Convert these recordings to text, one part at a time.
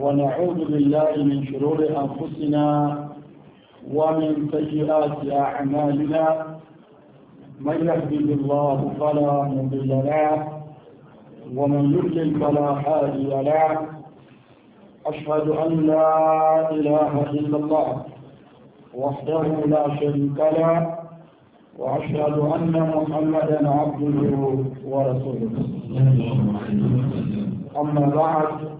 ونعوذ بالله من شرور أنفسنا ومن سيئات أعمالنا من يهدد الله فلا مضل له ومن يضلل فلا هادي له أشهد أن لا إله إلا الله وحده لا شريك له وأشهد أن محمدا عبده ورسوله أما بعد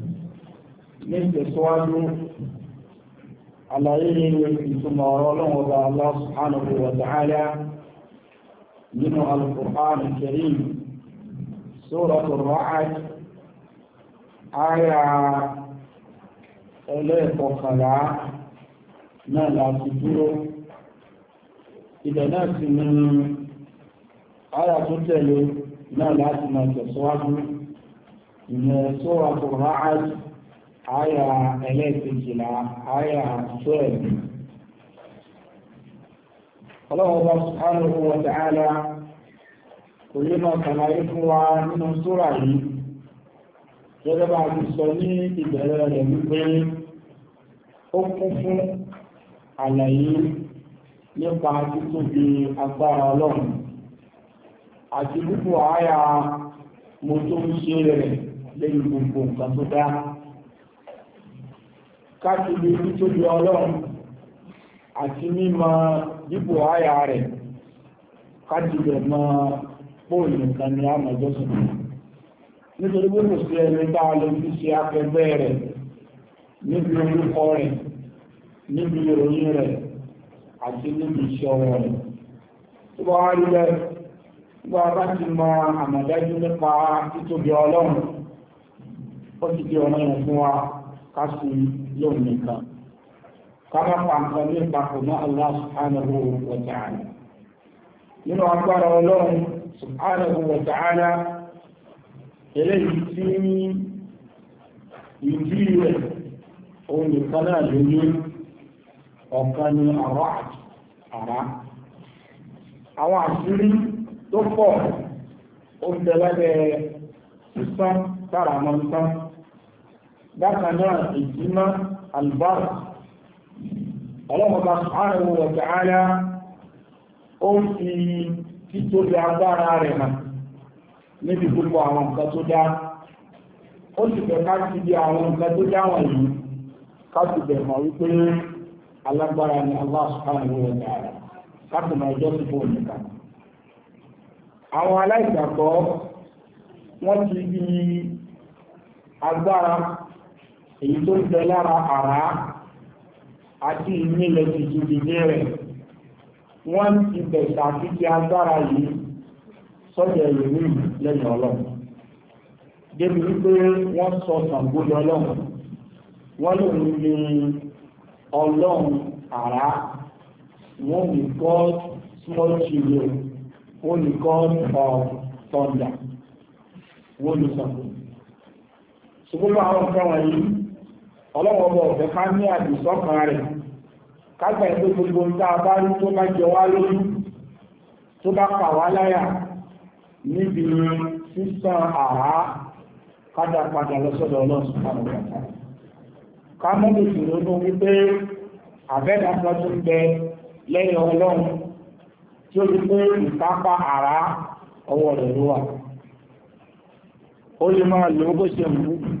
ní ìtẹ̀síwájú àlàyé ìtumọ̀ ọ̀rọ̀ ọlọ́run ọba Allah subhanahu wa ta'ala nínú al-Qur'an al-Karim Suratul Ra'd àyà ẹlẹ́ẹ̀kọkànlá náà láti dúró ibẹ̀ náà sì ni àyà tó tẹ̀lé náà láti máa tẹ̀síwájú ìyẹn Suratul Ra'd haya ẹlẹ́ẹ̀kejìlá àyà haya ọlọ́run bá subhanahu wa ta'ala kò lè máa kàlàyé fún wa nínú súrà yìí gẹ́gẹ́ bá a ti sọ ní ìbẹ̀rẹ̀ rẹ̀ wípé ó kún fún àlàyé nípa títóbi agbára ọlọ́run àti púpọ̀ àyà mo tó ń káàkiri nítorí ọlọ́run àti mímọ dípò àyà rẹ̀ káàkiri mọ bóòlù nǹkan ni a mọ̀ jọ́sìn nítorí pé kò sí ẹni tá a lè fi ṣe akẹgbẹ́ rẹ̀ níbi orúkọ rẹ̀ níbi ìròyìn rẹ̀ àti níbi iṣẹ́ ọwọ́ rẹ̀ tó bá wá rí bẹ́ẹ̀ nígbà bá ti mọ àmọ̀dájú nípa títóbi ọlọ́run ó ti di ọmọ yẹn fún wa ká lóun nìkan ká má pa nǹkan ní ìpapọ̀ mọ́ Allah subhanahu wa ta'ala nínú agbára ọlọ́run subhanahu wa ta'ala eléyìí tí ìdí rẹ̀ òun nìkan náà ló ní ọ̀kan ní àrá àwọn àṣírí tó pọ̀ ó ń sísán mọ́ sísán bákan náà ìjímá albar ọlọ́mọba subhanahu wa ta'ala ó fi títóbi agbára rẹ̀ hàn níbi gbogbo àwọn nǹkan tó dá ó sì fẹ́ ká sí bí àwọn nǹkan tó dá wọ̀nyí ká sì bẹ̀ mọ̀ wípé alágbára ni Allah subhanahu wa ta'ala ká sì sí fún àwọn aláìgbàgbọ́ èyí tó ń bẹ lára àrá àti ìmílẹ̀ tuntun dìde rẹ̀ wọ́n ti bẹ̀sà títí agbára yìí sọ́jà ìlú lẹ́yìn ọlọ́run débi wípé wọ́n sọ sàngóyọ ọlọ́run wọ́n lòun ní ọlọ́run àrá wọ́n ní god small children wọ́n ní god of thunder wọ́n ní sàngó. ṣùgbọ́n àwọn kan wọ̀nyí ọlọ́wọ́ ọmọ ọ̀fẹ́ ká ní àdìsọ́kan rẹ̀ kágbà ẹ̀ tó gbogbo ń tá a bá rí tó bá jọ wá lójú tó bá kà wá láyà níbi sísan àhá kádà padà lọ́sọ̀dọ̀ ọlọ́sùn kánú kàtà ká mọ́bí ìṣòro tó wípé àbẹ́dà kan tó ń bẹ lẹ́yìn ọlọ́run tí ó wípé ìkápá àrá ọwọ́ rẹ̀ ló wà ó lè máa lò ó bó ṣe wù ú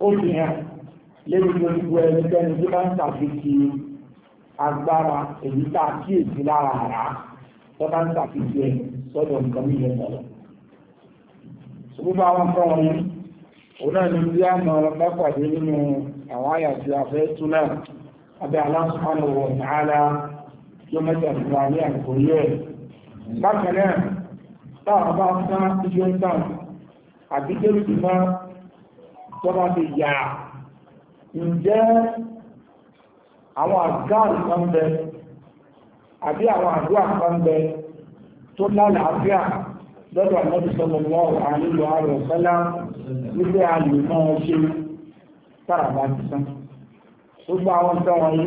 ó fi hàn lórí gbogbo ẹnikẹ́ni tó bá ń ṣàfihàn agbára èyí tá a kíyèsí lára àrá tó bá ń ṣàfihàn ẹ̀ sọ́dọ̀ nǹkan mi yẹn lọ. gbogbo àwọn kan wọn òun náà ni bí a mọ bá pàdé nínú àwọn àyà tí a fẹ́ tún náà abẹ́ Allah subhanahu wa ta'ala tí ó mẹ́ta fún wa ní àkórí ẹ̀. bákan náà táwọn bá ń sá iṣẹ́ ń sàn àbí kéwìtì náà tọ́bá ti yà ǹjẹ́ àwọn àgáàrù kan bẹ àbí àwọn àdúrà kan bẹ tó lálàáfíà lọ́dọ̀ àmọ́dù sallallahu alaihi wa sallam wípé a lè máa ṣe tára bá ti sán gbogbo àwọn nǹkan wọ̀nyí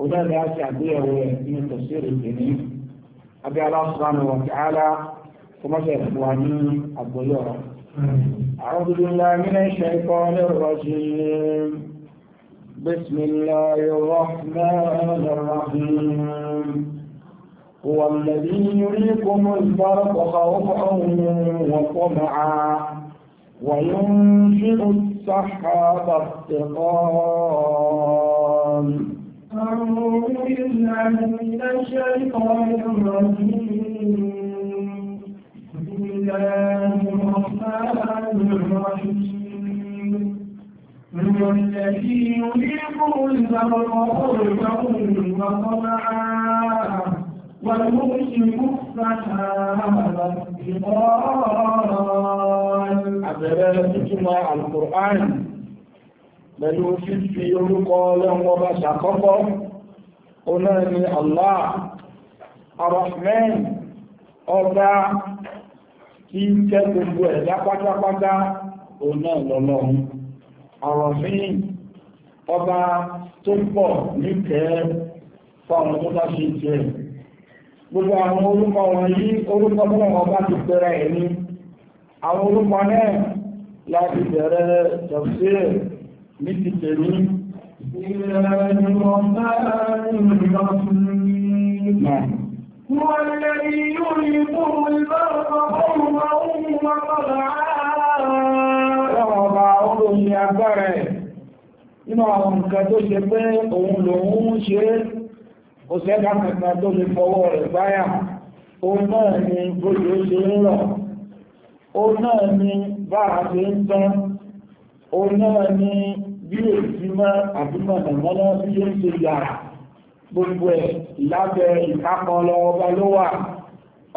òdáàlẹ́ á ṣe àgbéyẹ̀wò ẹ̀ ní tafsir ìdèní abẹ́ Allah subhanahu wa ta'ala kọmọ́ṣẹ́ ìfúwa ní àgbọ̀yọ̀ rẹ̀ أعوذ بالله من الشيطان الرجيم بسم الله الرحمن الرحيم هو الذي يريكم البرق خوفا وطمعا وينشئ السحاب الثقال أعوذ بالله من الشيطان الرجيم بسم الله الرحيم هو الذي يريكم البر خوفا وطمعا والمسلم السحاب الثقال أبدا تجمع القرآن pẹ̀lú fífi orúkọ ọlọ́run ọba ṣàkọ́kọ́ onáà ni Allah arahman ọba tí jẹ́ gbogbo ẹ̀dá pátápátá òun náà lọ́lọ́run àwọn míì ọba tó pọ̀ níkẹ́ẹ́ fáwọn tó bá ṣe jẹ́ gbogbo àwọn orúkọ wọn yìí orúkọ tó wọn bá ti bẹ̀rẹ̀ ẹ̀ ní àwọn orúkọ náà láti bẹ̀rẹ̀ tọ̀sí ní ti tèmi ìrìnàjò ọ̀gá ìrìnàjò هو àwọn nǹkan tó ṣe pé òun lòun ń ṣe òṣèlú kankan tó lè fọwọ́ rẹ̀ báyà òun náà ni bóyá ṣe ń rọ̀ òun náà ni bára ṣe ń tán òun náà ni bí èsì mọ́ àbúmọ̀ nàmọ́ná bí ó ń ṣe yàrá gbogbo ẹ̀ lábẹ́ ìkápọ̀ ọlọ́wọ́bá ló wà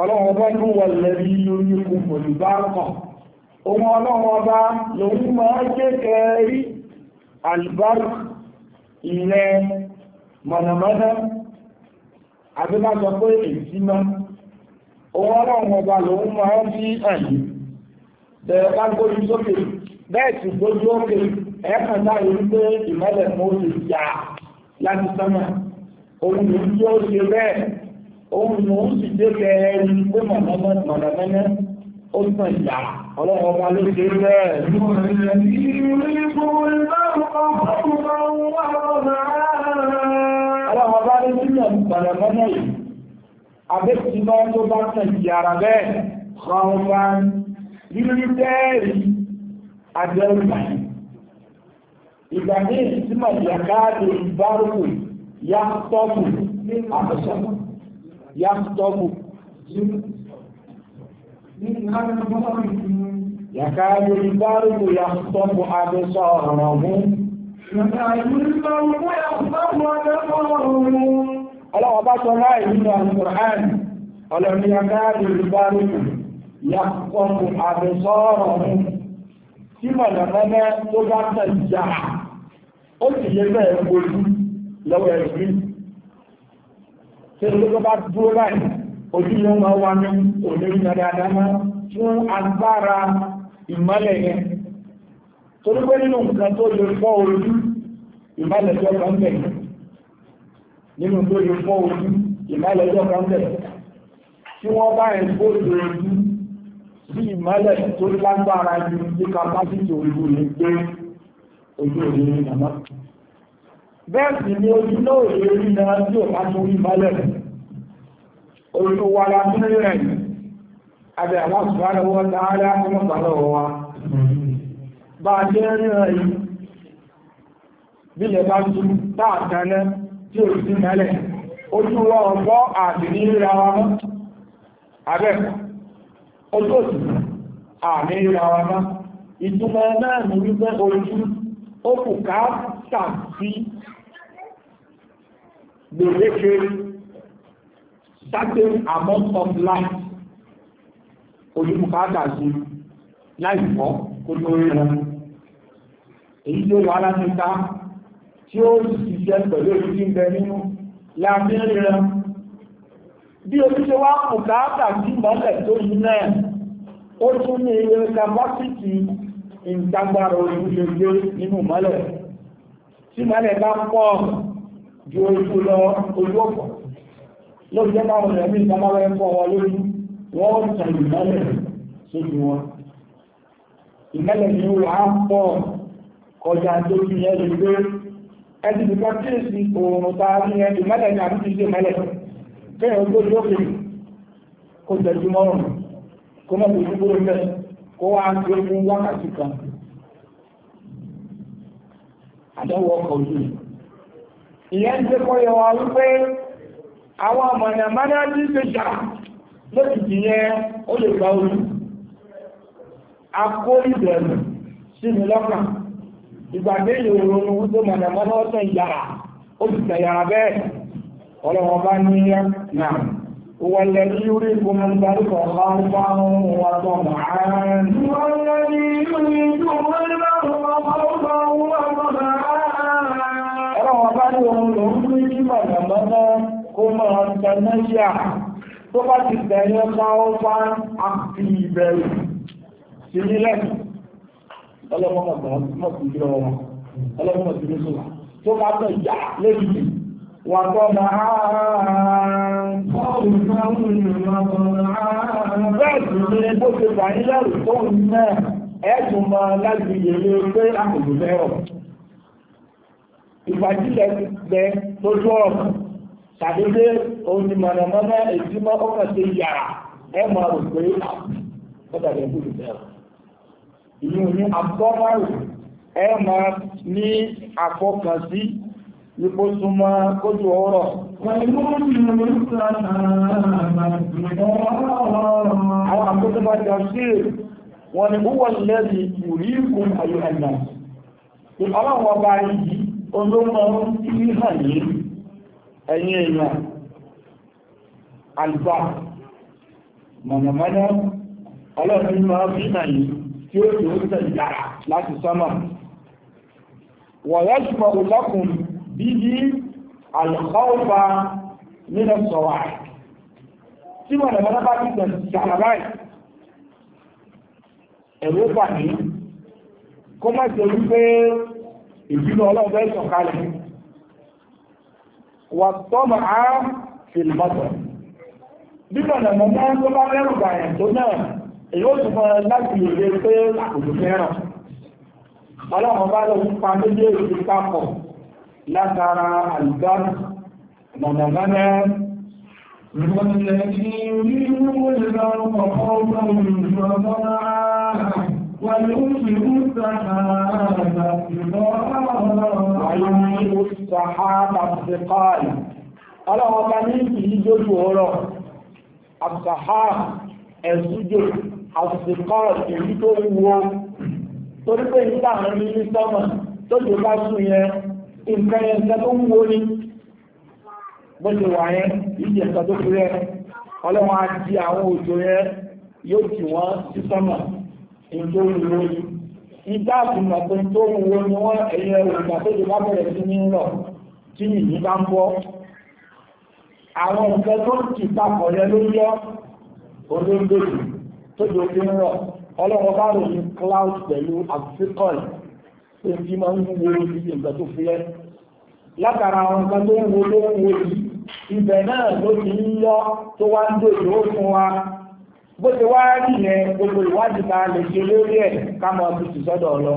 ọlọ́wọ́bá ló wà lẹ́rí lórí ikú pẹ̀lúbá kan ohun ọlọ́wọ́bá lòun máa jẹ́ kẹrí albark ilẹ̀ mọ̀nàmọ́ná àbíkájọ pé ìsímá ohun ọlọ́wọ́bá lòun máa bí ẹ̀yìn bẹ̀rẹ̀ bá gbójú sókè bẹ́ẹ̀ sì gbójú ókè ẹ̀ẹ́kàn láàrin pé ìmọ́lẹ̀ mọ́ láti sánmà òun ló ń tó ṣe bẹ́ẹ̀ òun ló ń sì dé bẹ́ẹ̀ ní pé mọ̀nàmọ́nà ó sàn ìyá ọlọ́run ọba ló ṣe bẹ́ẹ̀. ọlọ́run ọba ló ṣe mọ̀nàmọ́nà yìí àbẹ́sí máa tó bá sàn ìyára bẹ́ẹ̀ kọ́ọ̀bá rírí bẹ́ẹ̀rí àjẹ́rùmà ìgbà ní ìsímọ̀ ìyàkáàdì ìbárùkù yìí yàtọ́mù àtọ̀sọ́mù yàtọ́mù yàkáyé ìbárùkù yàtọ́mù àdẹ́sọ́ ọ̀rọ̀ mú Ọlọ́wọ́ bá sọ láì nínú Al-Qur'an, ọlọ́rin yàkáyé ìbárùkù yàtọ́mù àdẹ́sọ́ ọ̀rọ̀ mú. Tí mọ̀lẹ̀mọ́lẹ́ tó bá tẹ̀ jà, ó sì lé bẹ́ẹ̀ gbojú lọ́wọ́ ẹ̀rí tí ó bá dúró láì ojú ló máa wá ní olórí náà dáadáa máa fún agbára ìmọ́lẹ̀ yẹn torí pé nínú nǹkan tó lè fọ́ ojú ìmọ́lẹ̀jọ́ kan bẹ̀ nínú tó lè fọ́ ojú ìmọ́lẹ̀jọ́ kan bẹ̀ tí wọ́n bá ẹ̀ gbóòdò ojú sí ìmọ́lẹ̀ tó lágbára ju ní kapásítì ojú ní pé ojú òní ìmọ́lẹ̀ bẹ́ẹ̀sì ni ojú náà lè rí náà tí ò bá tó rí balẹ̀ ojú wa la tún rí rẹ̀ abẹ́ aláṣùwárẹ̀wọ́ tààrà ọmọbàlọ̀ wa bá a jẹ́ rí rẹ̀ yìí bílẹ̀ bá tú táàtàná tí ò sí mẹ́lẹ̀ ojú wa ọ̀gbọ́ àti ní ríra wa mọ́ abẹ́ ojú òsì àmì ríra wa mọ́ ìtumọ̀ náà ní wípé ojú ó kù ká tàbí they retain certain amount of life olùbùkátà sí láì fọ́ kó tó rí rẹ̀ èyí tó wà láti ká tí ó sì jẹ́ pẹ̀lú ojú tí ń bẹ nínú láàrin rẹ̀ bí ojú tó wá bùkátà sí mọ́lẹ̀ tó yí náà ó tún ní ilé kapásítì ìtagbára olùgbé nínú mọ́lẹ̀ tí mọ́lẹ̀ bá pọ̀ ju ojú lọ ojú ọ̀pọ̀ lórí jẹ́ báwọn ènìyàn bí nǹkan máa ń fọ́ wọn lójú wọ́n tàn ìmọ́lẹ̀ sójú wọn ìmọ́lẹ̀ ni ó wà á pọ̀ kọjá tó fi yẹn lè gbé ẹni tí wọ́n kíyèsí oòrùn ta ní ẹni ìmọ́lẹ̀ ni àbí ti ṣe mọ́lẹ̀ kéèyàn ó gbójú òkè kó tẹ̀jú mọ́rùn kó mọ̀ tó gbúrò mẹ́ kó wá ń gbé fún wákàtí kan àdáwọ̀ ọkọ̀ ojú yìí ìyẹn jẹ́ kọ́ yẹ wa wípé àwọn àmàyàmáná tí ṣe jà lókìtì yẹn ó lè gba orí akórí bẹ̀rù sínú lọ́kà ìgbàgbé ìròyìn ohun tó mànàmáná ọ̀sán ìyàrá ó ti tẹ̀yàrá والذي náà tẹ̀lẹ́yà tó bá ti tẹ̀lé ọba ọba àti ìbẹ̀rù sí nílẹ̀ ọlọ́mọ́ tó bá tẹ̀ yà lẹ́yìn wà tọ́ ma bẹ́ẹ̀ tó ṣe bà ní lẹ́rù tó ń mẹ́ ẹ̀ẹ́dùn ma láti yèrè pé àkùnrin mẹ́rọ̀ ìgbàjílẹ̀ bẹ lójú ọ̀rọ̀ tàbí pé òun ni mọ̀nàmọ́ná ìdímọ́ ọkàn yàrá ẹ máa rò pé bẹ́ẹ̀. ìyún ní abọ́mọ́rù ẹ ní àfọkànsí ipò súnmọ́ kójú ọ̀rọ̀. ni ẹ̀yìn èèyàn àlùfà mọ̀nàmọ́ná ọlọ́run máa fi hàn yìí tí ó tó ń tẹ̀ yàrá láti sọ́mà wọ̀yọ́ ṣùgbọ́n òlọ́kùn bí i àlùkọ́ọ̀fà nínú sọ̀wà tí mọ̀nàmọ́ná bá ti tẹ̀ yàrá báyìí ẹ̀rọ bà kó má ṣe wípé ìbínú ọlọ́run fẹ́ sọ̀kalẹ̀ wà tọ́mà á fìlmọ́tọ̀ bíbọ̀ nà mọ́ mọ́ tó bá mẹ́rù bàyàn tó náà èyí ó túnmọ̀ láti lè pé àkùdù fẹ́ràn ọlọ́run bá lọ pa méjèèjì papọ̀ látara àlùbáàmù mọ̀nàmọ́nà Ìwọ̀n ilẹ̀ ní ọ̀pọ̀ ọgbọ̀n ìrìnàmọ́ra ويمسك السحاب الثقال ọlọ́wọ́ bá ní ìyí jójú ọ̀rọ̀ àṣàhá ẹ̀sùjò àṣìkọ́ èyí tó wúwo torí pé ìgbà àmì ní sọ́mà tó jò bá sùn yẹn nǹkan yẹn tẹ́ tó wúwo ní bọ́jọ wà yẹn ìdí ẹ̀sọ́ tó fi rẹ̀ ọlọ́wọ́ ètò ìwé ìgbà àtìmọ̀ pé tó ń wo ni wọ́n ẹ̀yẹ ìgbà tó ti bá bẹ̀rẹ̀ sí ní lọ tí yìnyín bá ń bọ́ àwọn nǹkan tó ti papọ̀ yẹn ló yọ olóńgbòdì tó ti ojú ń rọ ọlọ́run bá rò ní cloud pẹ̀lú african tó ń bí máa ń wo ibi nǹkan tó fi ẹ́ látara àwọn nǹkan tó ń wo ló ń wo yìí ibẹ̀ náà ló ti ń yọ tó wá ń dòdò ó fún wa bó ti wá rí yẹn gbogbo ìwádìí ta lè ṣe lórí ẹ̀ ká mọ ibi tì sọ́dọ̀ ọlọ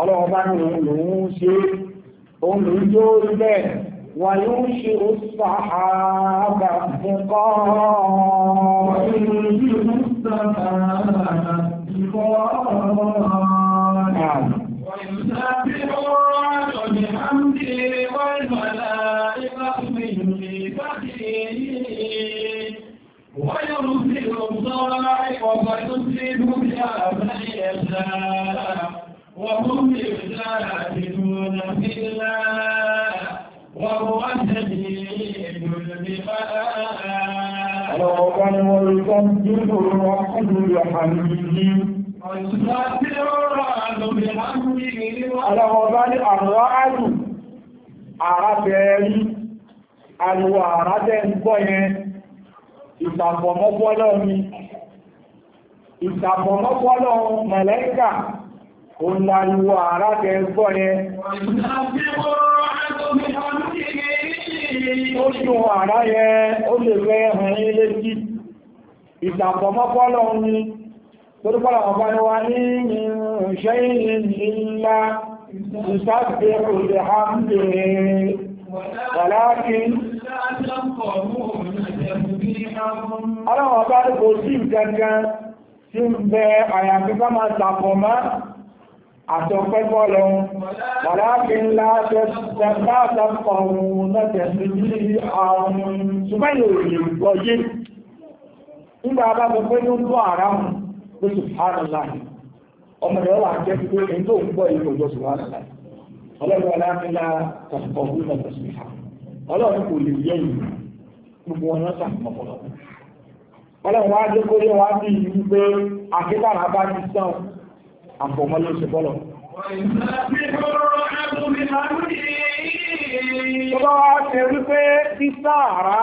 ọlọ́run bá ní òun lòún ṣe òun lòún jó rí bẹ́ẹ̀ wà yóò ṣe ó sà á bà fún فتصيبوا بها من يشاء وهم يجاهدون في الله وهو شديد المقام وقد والقدر الرحمن الحميد Aláwọ̀bá ní àrọ̀ àrù, àrábẹ̀ẹ́rí, àríwà àrábẹ̀ ń gbọ́ yẹn, ìtàkọ̀ mọ́gbọ́lọ́ mi, ìtàbọ̀mọ́pọ́lọ́ mọ̀lẹ́kà òǹlàríwọ àrákẹ́ gbọ́ yẹn ó ṣùn àrá ó lè ilé sí ìtàbọ̀mọ́pọ́lọ́ ni torípọ́lọ̀ ni wà ní ìṣẹ́ ìlà ìsáfẹ́ òjò ní kò sí tí ń bẹ àyàfi ká máa tàpọ̀ má àtọ̀pẹ́gbọ́ lọ wàláàfin láàṣẹ́ tàbátàpọ̀ ohun lọ́tẹ̀ sí ní àwọn ṣùgbẹ́yìn òyìn gbọ́yé nígbà bá sọ pé ló ń bọ́ ara hùn pé ṣùgbọ́nàlá ọmọ rẹ̀ wà jẹ́ pé èyí tó ń gbọ́ ìlú ọlọ́run wá jẹ́ kó lé wá bí i pé akẹ́kọ̀ọ́ bá ti sàn àpọ̀mọ́ ló ṣe bọ́lọ̀. tó bá wá ṣe rí pé bí sáàrá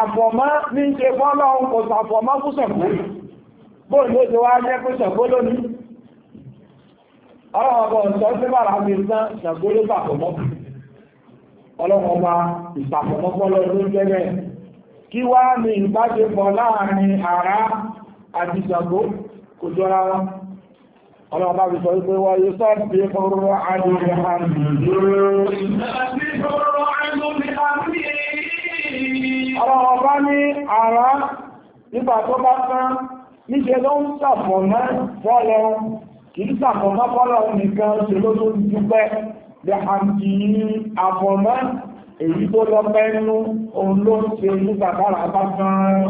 àpọ̀mọ́ ní ṣe bọ́lọ̀ kò sàpọ̀mọ́ fún sọ̀kú bóòlù ló ṣe wá jẹ́ pé sọ̀kú lónìí ọlọ́run ọba ọ̀sán sí bàrà fi sán sọ̀kú ló sàpọ̀mọ́ ọlọ́run ọba ìsàpọ̀mọ́ bọ́lọ̀ ló jẹ́ bẹ́ẹ̀ kí wá ní ìbáṣepọ̀ láàrin àrá àti Ṣàngó kò jọra wọn ọlọ́ọ̀bá fi sọ wípé wọ́n yóò sọ́ bí ọrọ̀ àdúrí àmì ọlọ́ọ̀bá ní àrá nígbà tó bá tán níṣẹ́ ló ń sàfọ̀mọ́ fọ́lọ kìí sàfọ̀mọ́ fọ́lọ nìkan ṣe ló tó dúpẹ́ bí àmì àfọ̀mọ́ èyí tó lọ mẹ́nu òun ló ń ṣe ní bàbára bá gan-an.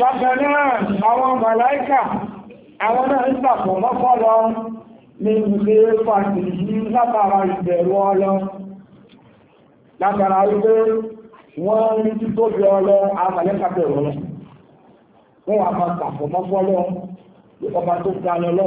Bákan náà, àwọn màláìkà, àwọn náà ń sàpọ̀ mọ́kọ́ lọ ní ilé pàtì yìí látara ìbẹ̀rù ọlọ. Látara wípé wọ́n rí tí tó bí ọlọ, àwọn màláìkà bẹ̀rù ọlọ. Wọ́n wà sàpọ̀ mọ́kọ́ lọ,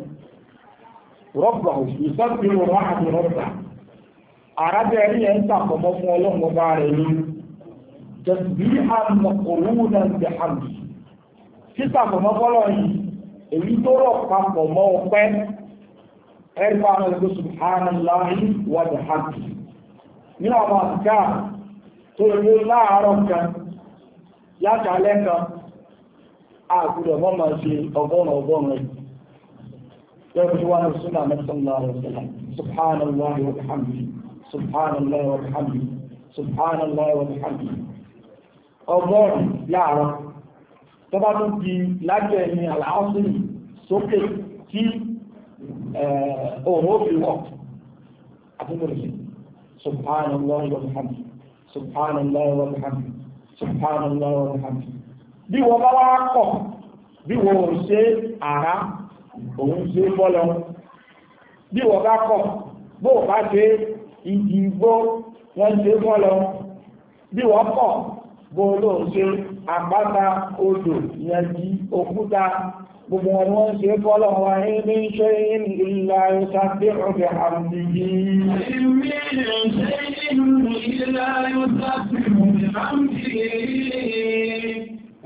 rọ́bà ìsọ́bìrì ráhàtì rọ́bà arábẹ́rin ẹ̀ ń sàkọmọ́ fún ọlọ́run ọba rẹ̀ ní jẹ̀sìbíhà mọ̀kòrúnà ti hàmì sísàkọmọ́ fọ́lọ́ yìí èyí tó rọ̀ papọ̀ mọ́ ọpẹ́ ẹ̀rọ àwọn ẹgbẹ́ subhanallahi wa bihamdi nínú àwọn àtìká tó ka يوم جوان السنة الله عليه وسلم سبحان الله وبحمده سبحان الله وبحمده سبحان الله وبحمده ọgọ́rùn-ún láàárọ̀ tó bá tún di lábẹ́ ẹni àlàáfíì sókè tí òhó سبحان الله وبحمده سبحان الله وبحمده سبحان الله وبحمده bí wọ́n bá wá kọ̀ bí òun ṣe bọ́lọ bí wọ́n bá kọ̀ bó bá ṣe ìdí igbó wọ́n ṣe bọ́lọ bí wọ́n kọ̀ bó ló ń ṣe àpáta odò yẹnjí òkúta gbogbo wọn wọ́n ṣe bọ́lọ wọn ní ṣe ìlà ìta bí ọ̀fẹ́ àmì yìí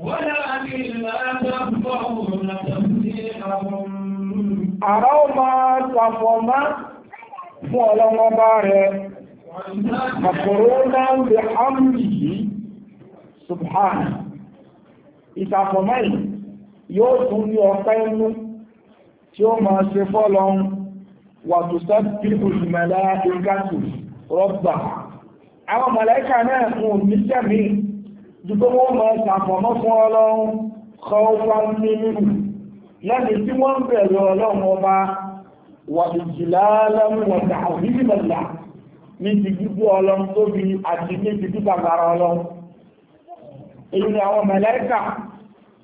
ولا أكل لا تنفعون تنزيعهم àrá ó máa tàfọ̀ má fún ọlọ́wọ́ bá rẹ̀ àkòrò náà ń bẹ ámì yìí subhan ìtàfọ̀ mẹ́rin yóò tún ní ọpẹ́ inú tí ó máa ṣe fọ́lọ́un wà tó sẹ́pìlù ìmẹ̀lá ìgbàtù rọ́bà àwọn mọ̀lẹ́kà náà fún oníṣẹ́mí dùgbówó máa tàfọ̀ mọ́ fún ọlọ́run kọ́ lẹ́ni tí wọ́n ń bẹ̀rẹ̀ ọlọ́run ọba wà ìjìlá lẹ́mùwọ̀ta àríwìlẹ̀lá ni àwọn mẹ̀lẹ́kà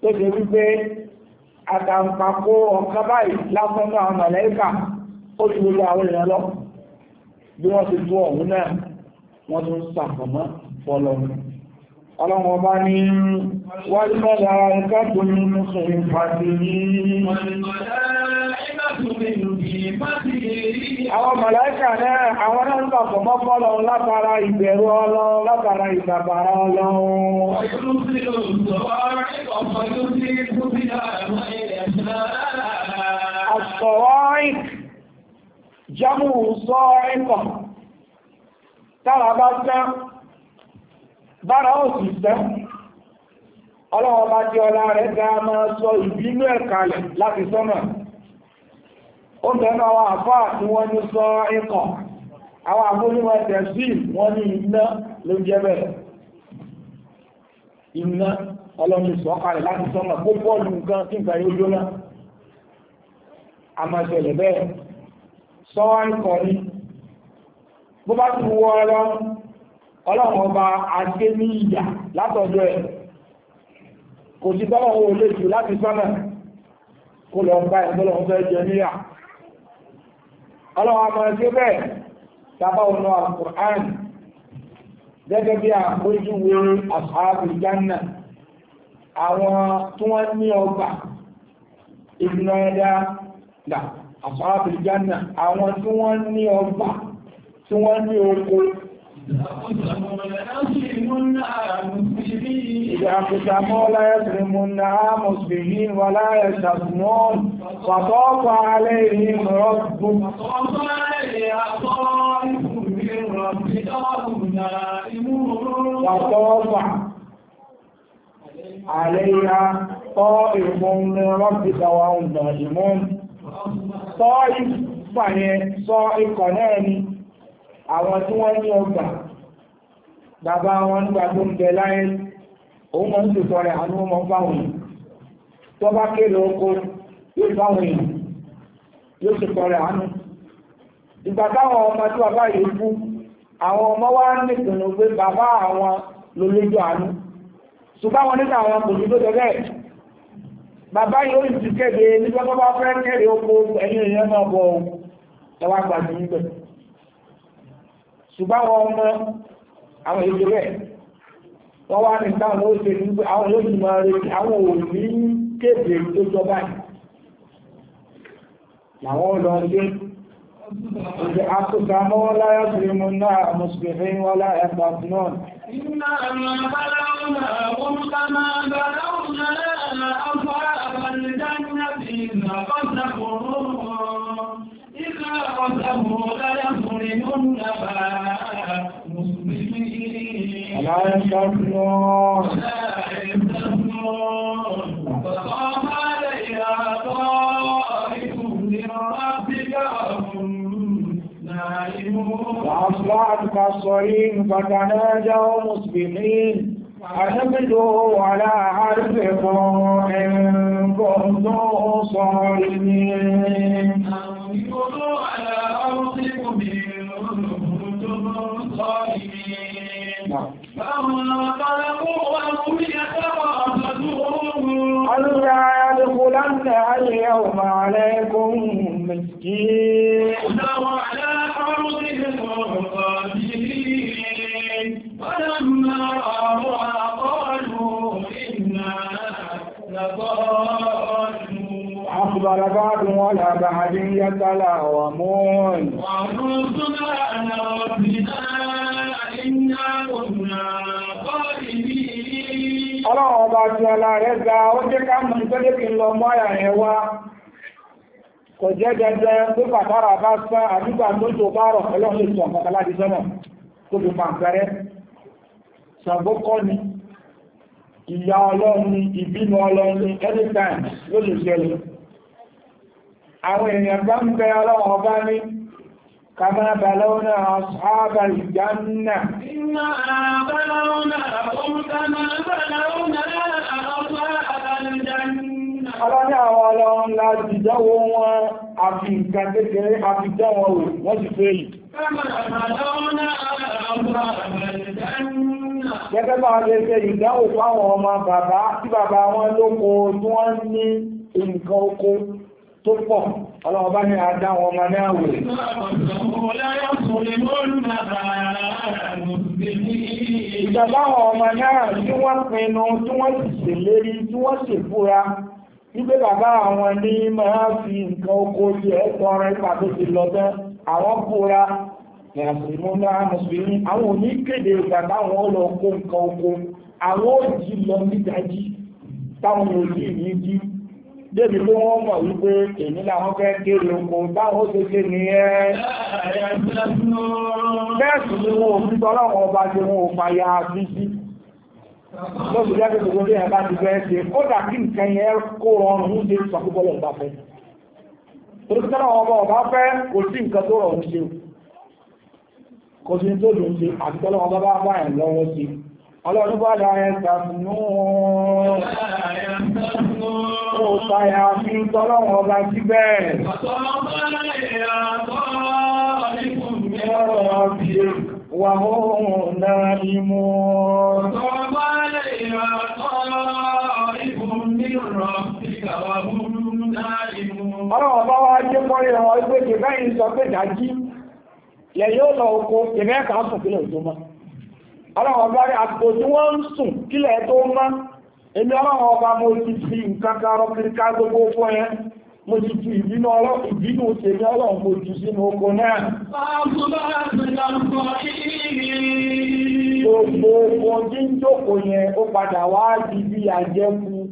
tó ṣe wípé àtàǹpàkó ọ̀ká báyìí lásán ní àwọn mẹ̀lẹ́kà ó ti gbogbo àwọn èèyàn lọ bí wọ́n ti gbó ọ̀hún náà wọ́n tún sàkọ̀mọ́ fọlọ́run ọlọ́run ọba ní wájúmọ́lá ìkàtún mùsùlùmí pàtí ní àwọn màláíkà náà àwọn náà ń látara ìbẹ̀rù ọlọ́ látara ìbàbàrà ọlọ́run Àṣọ̀wọ́ìk sọ ẹ̀kọ̀ tára bá bára ó sì sẹ́ ọlọ́wọ́ bá tí ọlá rẹ̀ ga máa sọ ìbínú ẹ̀ kalẹ̀ láti sọ́nà ó bẹ̀rẹ̀ àwọn àfáà tí wọ́n ní sọ ikọ̀ àwọn àfóníwọ̀n tẹ̀sí wọ́n ní iná ló jẹ́ bẹ̀rẹ̀ iná ọlọ́run sọ láti sọ́nà kó bọ́ọ̀lù ni ọlọ́run ọba aṣe ní ìyà látọ̀dọ̀ ẹ̀ kò sí tọ́lọ́run olè jù láti sọ́nà kó lọ bá ẹ̀tọ́lọ́run fẹ́ jẹ níyà ọlọ́run ọmọ ẹgbẹ́ bẹ́ẹ̀ sábà ọ̀nà Al-Qur'an gẹ́gẹ́ bí àpójúwé àṣàbì jánà àwọn tí wọ́n ní ọgbà ìgbìnà ẹ̀dá àṣàbì jánà àwọn tí wọ́n ní ọgbà tí wọ́n ní oko يقسموا لا يسلمونها مسلمين ولا يستثنون فطاف عليهم ربهم فطاف عليها طائف من ربهم نائمون فطاف عليها طائف من ربك وهم نائمون طائف فهي صائقة نائمة àwọn tí wọ́n ní ọgbà bàbá wọn nígbà tó ń bẹ láyé òun mọ̀ ń tò sọ rẹ̀ àánú mọ̀ fáwọn yìí tó bá kéré oko yóò fáwọn yìí yóò sì tọrẹ àánú ìgbà táwọn ọmọ tí bàbá yìí kú àwọn ọmọ wa nìkùnú pé bàbá àwọn ló lójú àánú ṣùgbọ́n wọn nínú àwọn kò ní tó tẹ́lẹ̀ bàbá yìí ó ti kéde nígbà tó bá fẹ́ kéré oko ẹ̀yìn èèyàn náà bọ̀ ẹwà gbàdúrà ṣùgbọ́n wọn mọ àwọn èdè rẹ̀ wọ́n wá ní táwọn ó ṣe nígbà àwọn yóò ti máa retí àwọn ò ní kéde tó jọba yìí làwọn lọ dé àwọn قدمه ليخرجن فاء لا يستثنون لا يستثنون فقام عليها طائف لربك هم نائمون فأصبحت كالصريم فتناجوا مصبحين أنبدوا على عرفكم إن كنتم صارمين الظالمين نعم. فأما طلبوا وهم يتراءون ألا يدخلن اليوم عليكم مسكين على أرضهم قادرين فلما رأوها قالوا إنا لضالون أقبل بعض ولا بعد يتلاومون وأنزلنا على ربي àti ọlá rẹ̀ ga ó jẹ́ ká mọ̀ nítorí kí n lọ mọ́ àyà yẹn wá kò jẹ́ jẹjẹ pé pàtàrà bá sán àdúgbà lójò bá rọ̀ ọlọ́run lè sọ ọ̀pọ̀ta láti sọ́nà tó fi máa aláni àwọn ọlọ́run la jìdánwò wọn àfi nǹkan kékeré àfi dánwò wò wọ́n ti fẹ́ yìí gẹ́gẹ́ bá lè ṣe ìdánwò fáwọn ọmọ bàbá tí bàbá wọn lóko tí wọ́n ní nǹkan oko tó pọ̀ ọlọ́ọ̀bá ní àdá wọn ọmọ ní àwẹ̀ ìjọba àwọn ọmọ náà tí wọ́n pinnu tí wọ́n sì ṣèlérí tí wọ́n sì fúra wípé bàbá àwọn ní máa fi nǹkan oko sí ẹ̀tọ́ ọ̀rọ̀ ipa tó ti lọ tán àwọn búra ìrìnàṣìmọ́ náà mùsùlùmí àwọn òní kéde bàbá àwọn ó lọ kó nǹkan oko àwọn ó jí lọ nídàájí táwọn òjì ní jí débi pé wọ́n mọ̀ wípé èmi làwọn fẹ́ kéré oko báwọn ó ṣe ké ní ẹ́ bẹ́ẹ̀ sì ni wọn ò fi tọ́lọ́wọ́n ọba ṣe wọn ò fàyà sí sí lọ́sùn jáde gbogbo bí ẹ̀ bá ti bẹ́ẹ̀ ṣe kódà kí nǹkan yẹn kó rọrùn ń ṣe ìsọkúbọ́lọ̀ bá fẹ́ torí pé ọba fẹ́ kò sí nǹkan tó rọrùn ṣe kò sí tó dùn ṣe àti tọ́lá bá bá ẹ̀ lọ́wọ́ ṣe ọlọ́run bá la وهم نائمون ثم عليها طائف من ربك وهم نائمون ọlọ́wọ́ bá wá jẹ́ mọ́rin ọ̀rọ̀ ẹgbẹ́ ìgbẹ́ ìsọ pé dájí yẹ yóò lọ oko ìbẹ́ kan sùn kílẹ̀ tó mọ́ ọlọ́wọ́ bá rí àpò tí wọ́n ń sùn kílẹ̀ tó mọ́ èmi ọlọ́wọ́ bá mo ti fi nǹkan kan rọ́ kiri ká gbogbo fún ẹ mo ti tu ìbínú ọlọ́pù ìbínú òṣèlú ọlọ́run mo jù sínú oko náà. Gbogbo tí ń jókòó yẹn ó padà wá di bí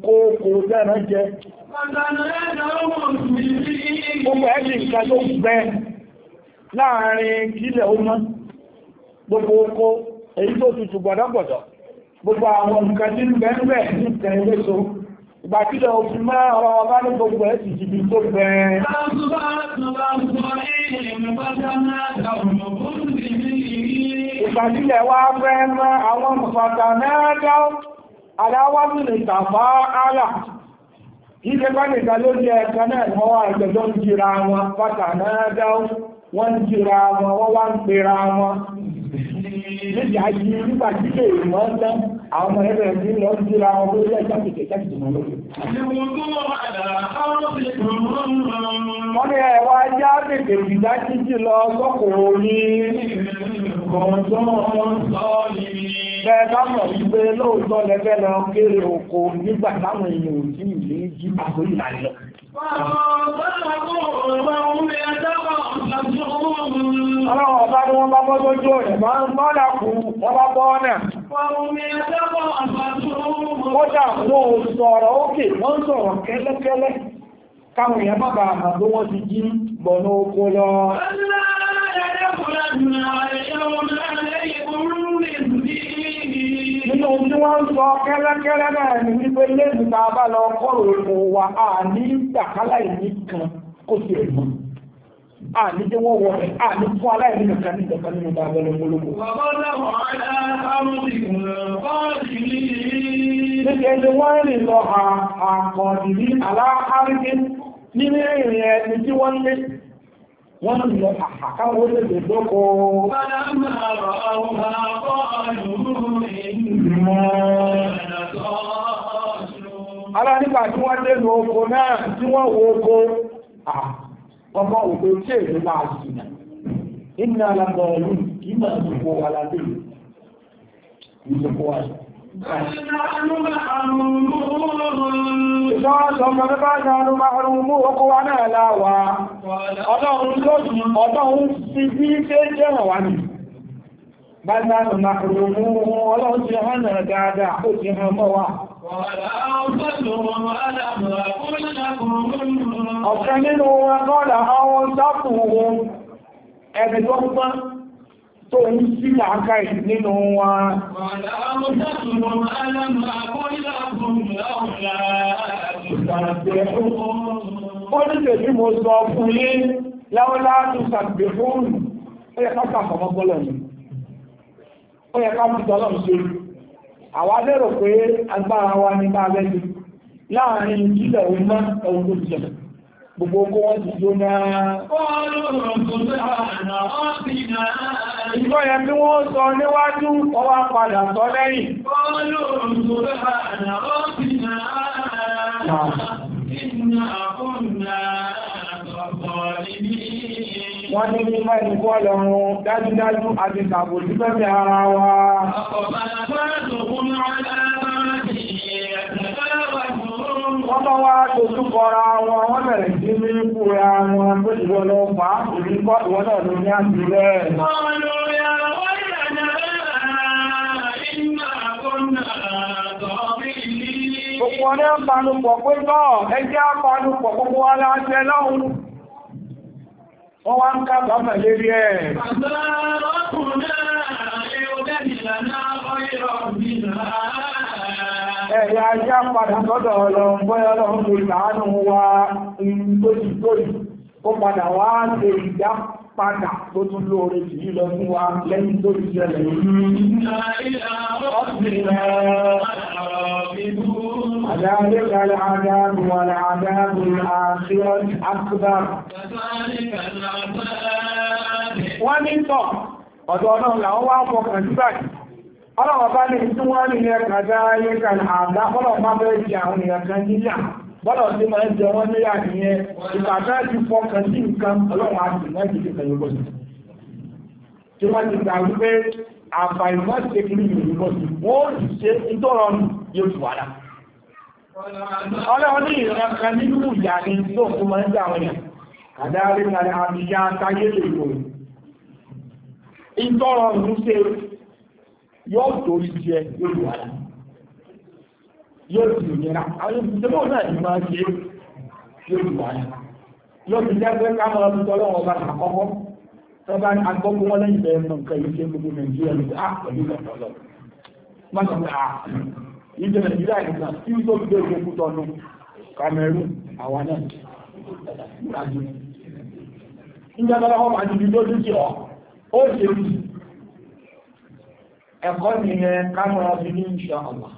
kóòkó jẹ. Gbogbo ẹ̀sìn nǹkan tó kílẹ̀ ó mọ́. Gbogbo oko èyí ìgbàtílẹ̀ òfin máa ọ̀rọ̀ ní gbogbo ẹ̀ ti jìbì tó fẹ́ ìgbàtílẹ̀ wá fẹ́ mọ́ àwọn mọ̀fàtà mẹ́rẹ́dá aláwọ́sí lè tàbá ààlà ilé pánìkà lórí ẹ̀kan náà ń wọn pátà wọn wọ́n wá ń pèrà wọn méjì ayé nígbà tí kò wọ́n ń àwọn ọmọ ẹgbẹ́ ẹ̀sìn lọ sí ra wọn lórí ẹ̀sán kìkì kẹ́kìtì wọn lókè. wọ́n ní ẹ̀wọ́ ajá tètè ìdá títí lọ sọ́kòó ní gbọ̀ngàn sọ́ọ̀lì bẹ́ẹ̀ bá mọ̀ wípé lóòótọ́ lẹ́fẹ́ lọ kéré oko nígbà táwọn èèyàn ò tí ì lè jí àgbóyìn àlọ́. Ọlọ́run ọba ni wọ́n bá bọ́ lójú rẹ̀ máa ń mọ́lá kú wọ́n bá bọ́ náà. Kọ́dà wọ́n ò sọ̀rọ̀ ókè wọ́n sọ̀rọ̀ kẹ́lẹ́kẹ́lẹ́ káwọn èèyàn bàbà àgbàgbó wọ́n ti jí bọ̀nà oko lọ. Ọlọ́run nínú tí wọ́n ń sọ kẹ́lẹ́kẹ́lẹ́ náà ni wípé lẹ́nu ta bá lọ kọ́rò ìmọ̀ wa a ní ìtàkálà ìní kan kó sí ẹ̀mọ́ a ní jẹ́ wọ́n wọ́n rẹ̀ a ní fún aláìní nìkan ní ìjọba nínú ta bẹ́lẹ̀ gbólógbò. Níbi ẹni wọ́n rìn lọ àkọ̀ọ̀dì ní aláhárí nínú wọ́n lọ àkáwọ́ lèdè lóko ara nígbà tí wọ́n lè lọ oko náà tí wọ́n wo oko ọmọ òkú tí èdè máa jìnà iná alábọ̀ ọ̀rún kí Ọlọ́run ti bí ṣe jẹ́ràn wá ní. Bájá lọ màkùnrin mú ọlọ́run ti hàn náà dáadáa, ó ti hàn mọ́ nínú wọn àwọn tó tó ń sí làákà nínú wọn. Ó mo sọ fún yí láwọ́lá tó sàgbè fún ó yẹ ká sàfọ̀mọ́ ni. Ó yẹ ká mú tọ́lọ̀ ṣe. Àwa lérò pé agbára wa ní bá rẹ̀ láàrin ìjìnlẹ̀ òun mọ́ ẹ̀wọ̀n tó jẹ̀mọ̀ gbogbo ogun wọn ti jóná ìgbọ́ yẹ tí wọ́n sọ níwájú ọwá padà sọ lẹ́yìn Wọ́n ní ní mẹ́rin kọ́ lọ́run dájúdájú àti ìtàbò tí fẹ́ ara wa. Ọ̀pọ̀ bàbá tó kún náà wọ́n bá wá tójú kọra wọn wọ́n bẹ̀rẹ̀ sí ní ikú ra wọn pé ìwọ lọ fà á kò ní kọ́ ìwọ náà ló ní àti rẹ̀. Gbogbo ọdẹ́ panupọ̀ pé náà ẹjẹ́ panupọ̀ gbogbo aláṣẹ lọ́hun. Wọ́n wá ń kábà mẹ́lé rí ẹ̀yà ajá padà sọ́dọ̀ ọlọ́run bọ́yá ọlọ́run lè sàánú wa ìrìn tó ti tó yìí ó padà wá ṣe ìdá padà tó tún lóore jù yìí lọ fún wa lẹ́yìn tó ti ṣẹlẹ̀ عذابك العذاب والعذاب الآخرة أكبر wọ́n ní tọ́ ọ̀dọ̀ ọlọ́run làwọn wá fọkàn síbáyìí ọlọ́wọ́ bá ní tí wọ́n ní ilẹ̀ kàdá ayé kan àdá bọ́lọ̀ máa bẹ́ẹ̀ jẹ àwọn èèyàn kan níyà bọ́lọ̀ tí máa ń jẹ wọ́n níyà nìyẹn ìpàdá ti fọkàn sí nǹkan ọlọ́wọ́ àti náà ti fi kẹyìn bọ́sì tí wọ́n ti gbà wípé àfàì má ti ṣe kiri yìí bọ́sì wọ́n sì ṣe ìtọ́rọ yóò tù wàdà ọlọ́wọ́ ní ìran kan nínú ìyá ni tó tó máa ń jẹ àwọn èèyàn kàdá ayé kan àmì ìyá táyé lè lò ìtọ́rọ ń ṣe yóò torí jẹ yóò wà lá yóò sì yẹra àwọn ìṣẹ́lẹ̀ náà ni máa ṣe yóò wà lá yóò fi jẹ́ pé ká máa fi tọ́lọ́ ọba àkọ́kọ́ tó bá ní agbọ́gbọ́ wọn lẹ́yìn bẹ́ẹ̀ mọ̀ nǹkan yìí ṣe gbogbo nàìjíríà ló á ah, pẹ̀lú ọ̀pọ̀lọ́ má sọ pé à ah, ìjọ nàìjíríà nìkan tí ó gbé gbogbo tọ́nu Cameroon àwọn náà ìjọba ọmọ àti ìdíjọ́ ẹ̀kọ́ nìyẹn kámọ́ra fi ní insha Allah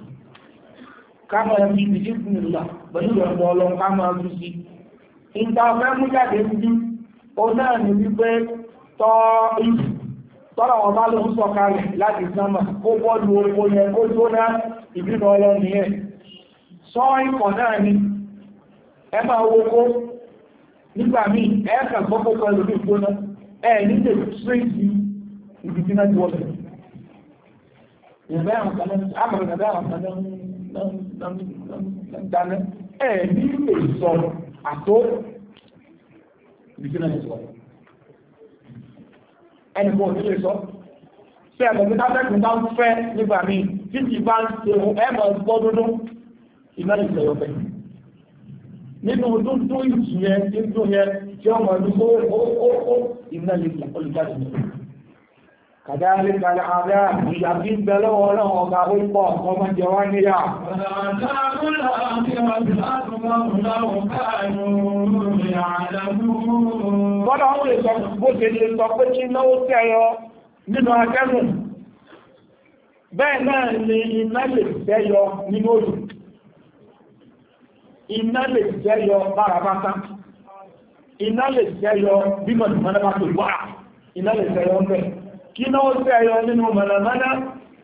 kámọ́ra fi ní ìdíkùnlá pẹ̀lú ìrọ̀pọ̀ ọlọ́run kámọ́ra fi sí ìta ọ̀fẹ́ mú jáde sí ó náà ní wípé tọ́ ìlú tọ́rọ wọn bá ló ń sọ kalẹ̀ láti sánmà ó bọ́ọ̀lù oko yẹn ó jóná ìbínú ọlọ́run nìyẹn sọ ikọ̀ náà ni ẹ máa woko nígbà míì ẹ̀ẹ́kà gbọ́kọ́ pẹ̀lú ìgbóná ẹ̀ẹ́ nígbà tí ó ń sí ibi tí náà ti wọ́pẹ̀lú ya gaya makanan amurka da gaya makanan nan danin ẹ̀ẹ́dí lè sọ àtó ìbìkínà lè sọ ẹnìkan òní lè sọ ṣe ẹ̀mọ̀ bí dábẹ́kùn bá ń fẹ́ nígbà míì tí kì bá ń ṣe ẹ̀mọ̀ gbọ́ dúdú iná lè sọ̀rọ̀ bẹ̀ nínú dúdú ìjìyẹn tí ń dún yẹn tí ọmọ ìlú ó iná lè sọ̀rọ̀ jáde nìyẹn Kàdáàlì kàlẹ̀ àdá ìyàbí bẹ̀lọ́wọ́ ọlọ́wọ́ ọba ó pọ̀ ọmọ jẹ wá níyà. Bọ́dọ̀ ń lè sọ bó ṣe lè sọ pé kí náwó tẹ́yọ nínú akẹ́gùn. Bẹ́ẹ̀ náà ni iná lè tẹ́yọ nínú òjò. Iná lè tẹ́yọ bárabátá. Iná lè tẹ́yọ bímọ̀ ìmọ̀lẹ́bá tó wà. Iná lè tẹ́yọ bẹ́ẹ̀ kí náà ó sí ẹyọ nínú mọ̀nàmọ́ná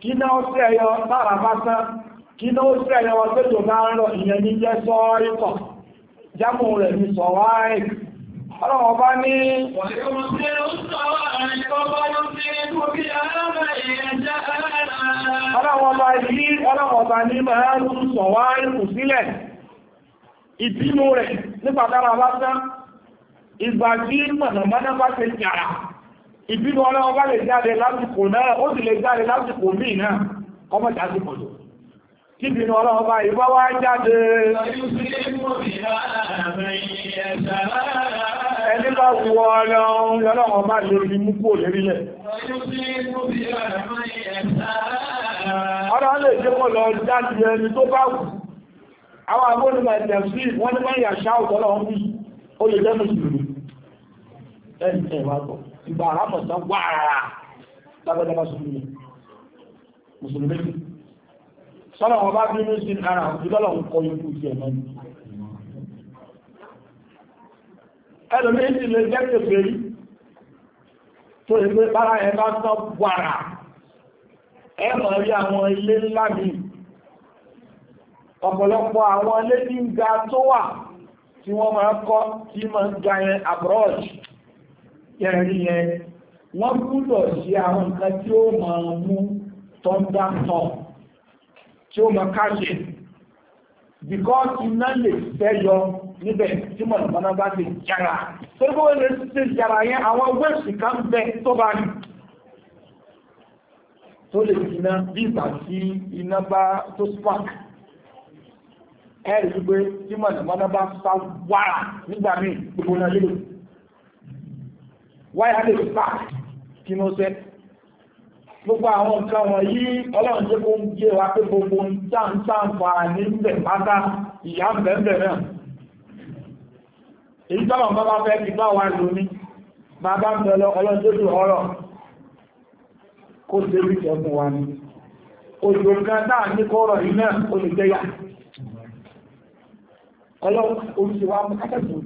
kí náà ó sí ẹyọ lára básán kí náà ó sí ẹyọ wọn tó jò bá ń rọ ìyẹn ní jẹ́ sọ́ọ́ríkọ̀ jámù rẹ̀ ní sọ̀wáì ọlọ́wọ́ bá ní ọlọ́wọ́ bá ní ọlọ́wọ́ bá ní máa ń sọ̀wáì kù sílẹ̀ ìbínú rẹ̀ nípa dára básán ìgbà tí mọ̀nàmọ́ná bá ṣe jàrà ìbínú ọlọ́wọ́ bá lè jáde lásìkò náà ó sì lè jáde lásìkò míì náà ọmọ jáde pọ̀jù kí ìbínú ọlọ́wọ́ bá ìbá wá jáde ẹni bá wù ọlọ́run bá lè rí mú kó lérí lẹ̀ ọlọ́run lè jẹ́ kó jáde ẹni tó bá wù àwọn agbóhùn ẹ̀tẹ̀ sí wọ́n ní mẹ́yà ṣáà ọ̀tọ́lọ́run bí ó lè jẹ́ mùsùlùmí ẹ̀ẹ́dẹ̀ wà gbọ́ ìgbà àrámọ̀sá wàrà lábẹ́dá bá sùn ní mùsùlùmí sọ́nà wọn bá bínú sí ara ìdọ́lọ̀ ń kọ ikú sí ẹ̀mọ́ ni ẹlòmí ti lè jẹ́ kèfèé rí tó lè pé bára ẹ bá sọ wàrà ẹ mọ̀ rí àwọn ilé ńlá mi ọ̀pọ̀lọpọ̀ àwọn ilé ní ga tó wà tí wọ́n máa kọ́ tí máa ń ga yẹn abroad ẹ̀rí yẹn wọ́n gbúdọ̀ ṣe àwọn nǹkan tí ó máa mú tọ́ndà tán tí ó máa káṣe because iná lè fẹ́ yọ níbẹ̀ tí mọ̀lẹ́mọ́ná bá ti yára tó bó lè ṣe yára yẹn àwọn wẹ́ẹ̀sì kan bẹ tó bá ní tó lè iná bí ìgbà tí iná bá tó spark ẹ̀rí wípé tí mọ̀lẹ́mọ́ná bá sá wára nígbà míì gbogbo náà lérò Why wáyà lè pa kí ló sẹ́ gbogbo àwọn nǹkan wọ̀nyí ọlọ́run jẹ́ kó ń gbé wa pé gbogbo ń sáǹsáǹfà ní bẹ̀ pátá ìyá bẹ̀ẹ̀bẹ̀ náà èyí tọ́lọ̀ bá bá fẹ́ kí bá wà lómi bá bá ń bẹ̀lọ ọlọ́run tó dùn ọ̀rọ̀ kó débi tẹ́kùn wa ni òjò kan náà ní kọ́rọ̀ iná olùgbéyà ọlọ́run oríṣiríṣi wa mú kákẹ́kọ̀ọ́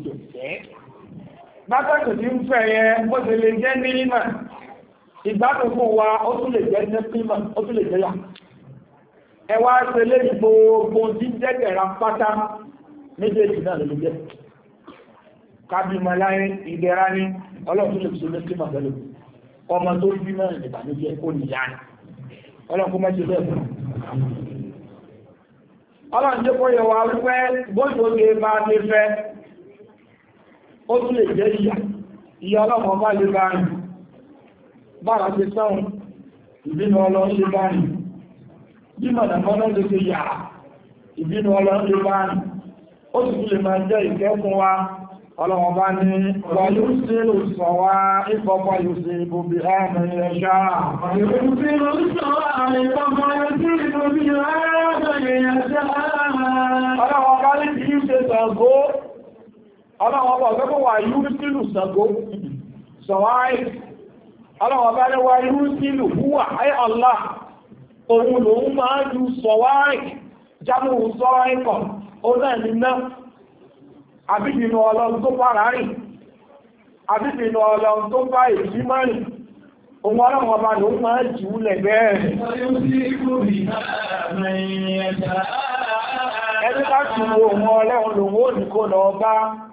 bákàtù tí ń fẹ́ yẹ bó ṣe lè jẹ́ mínímà ìgbádùn fún wa ó tún lè jẹ́ mínímà ó tún lè jẹ́yà ẹ wá ṣe lé gbogbo jíjẹ́ kẹ̀ra pátá méjèèjì náà lè jẹ́ kábímọ̀ láyé ìdẹ̀ra ní ọlọ́run ó tún lè jẹ́ ìyà ìyà ọlọ́pọ̀ bá lè bá rìn bára ti sáhùn ìbínú ọlọ́run lè bá rìn bí mọ̀nàmọ́nà lè ṣe yà ìbínú ọlọ́run lè bá rìn ó sì tún lè máa jẹ́ ìkẹ́kùn wa ọlọ́wọ́ bá ní wà yóò sí lòsàn wá ìpọ̀pọ̀ yóò sí ibòbí ààrùn ẹ̀ṣà ọlọ́wọ́ bá ní kí í ṣe sàgbó ọlọ́wọ́ bá ọ̀fẹ́ kó wà yúrú sílù sàgó sọ̀wáì ọlọ́wọ́ bá ní wà yúrú sílù húwà ayé ọ̀lá òun ló ń máa ju sọ̀wáì jámù sọ́wáì kọ̀ ó náà níná àbíbìnú ọlọ́run tó ọlọ́run tó bá òun ló máa jù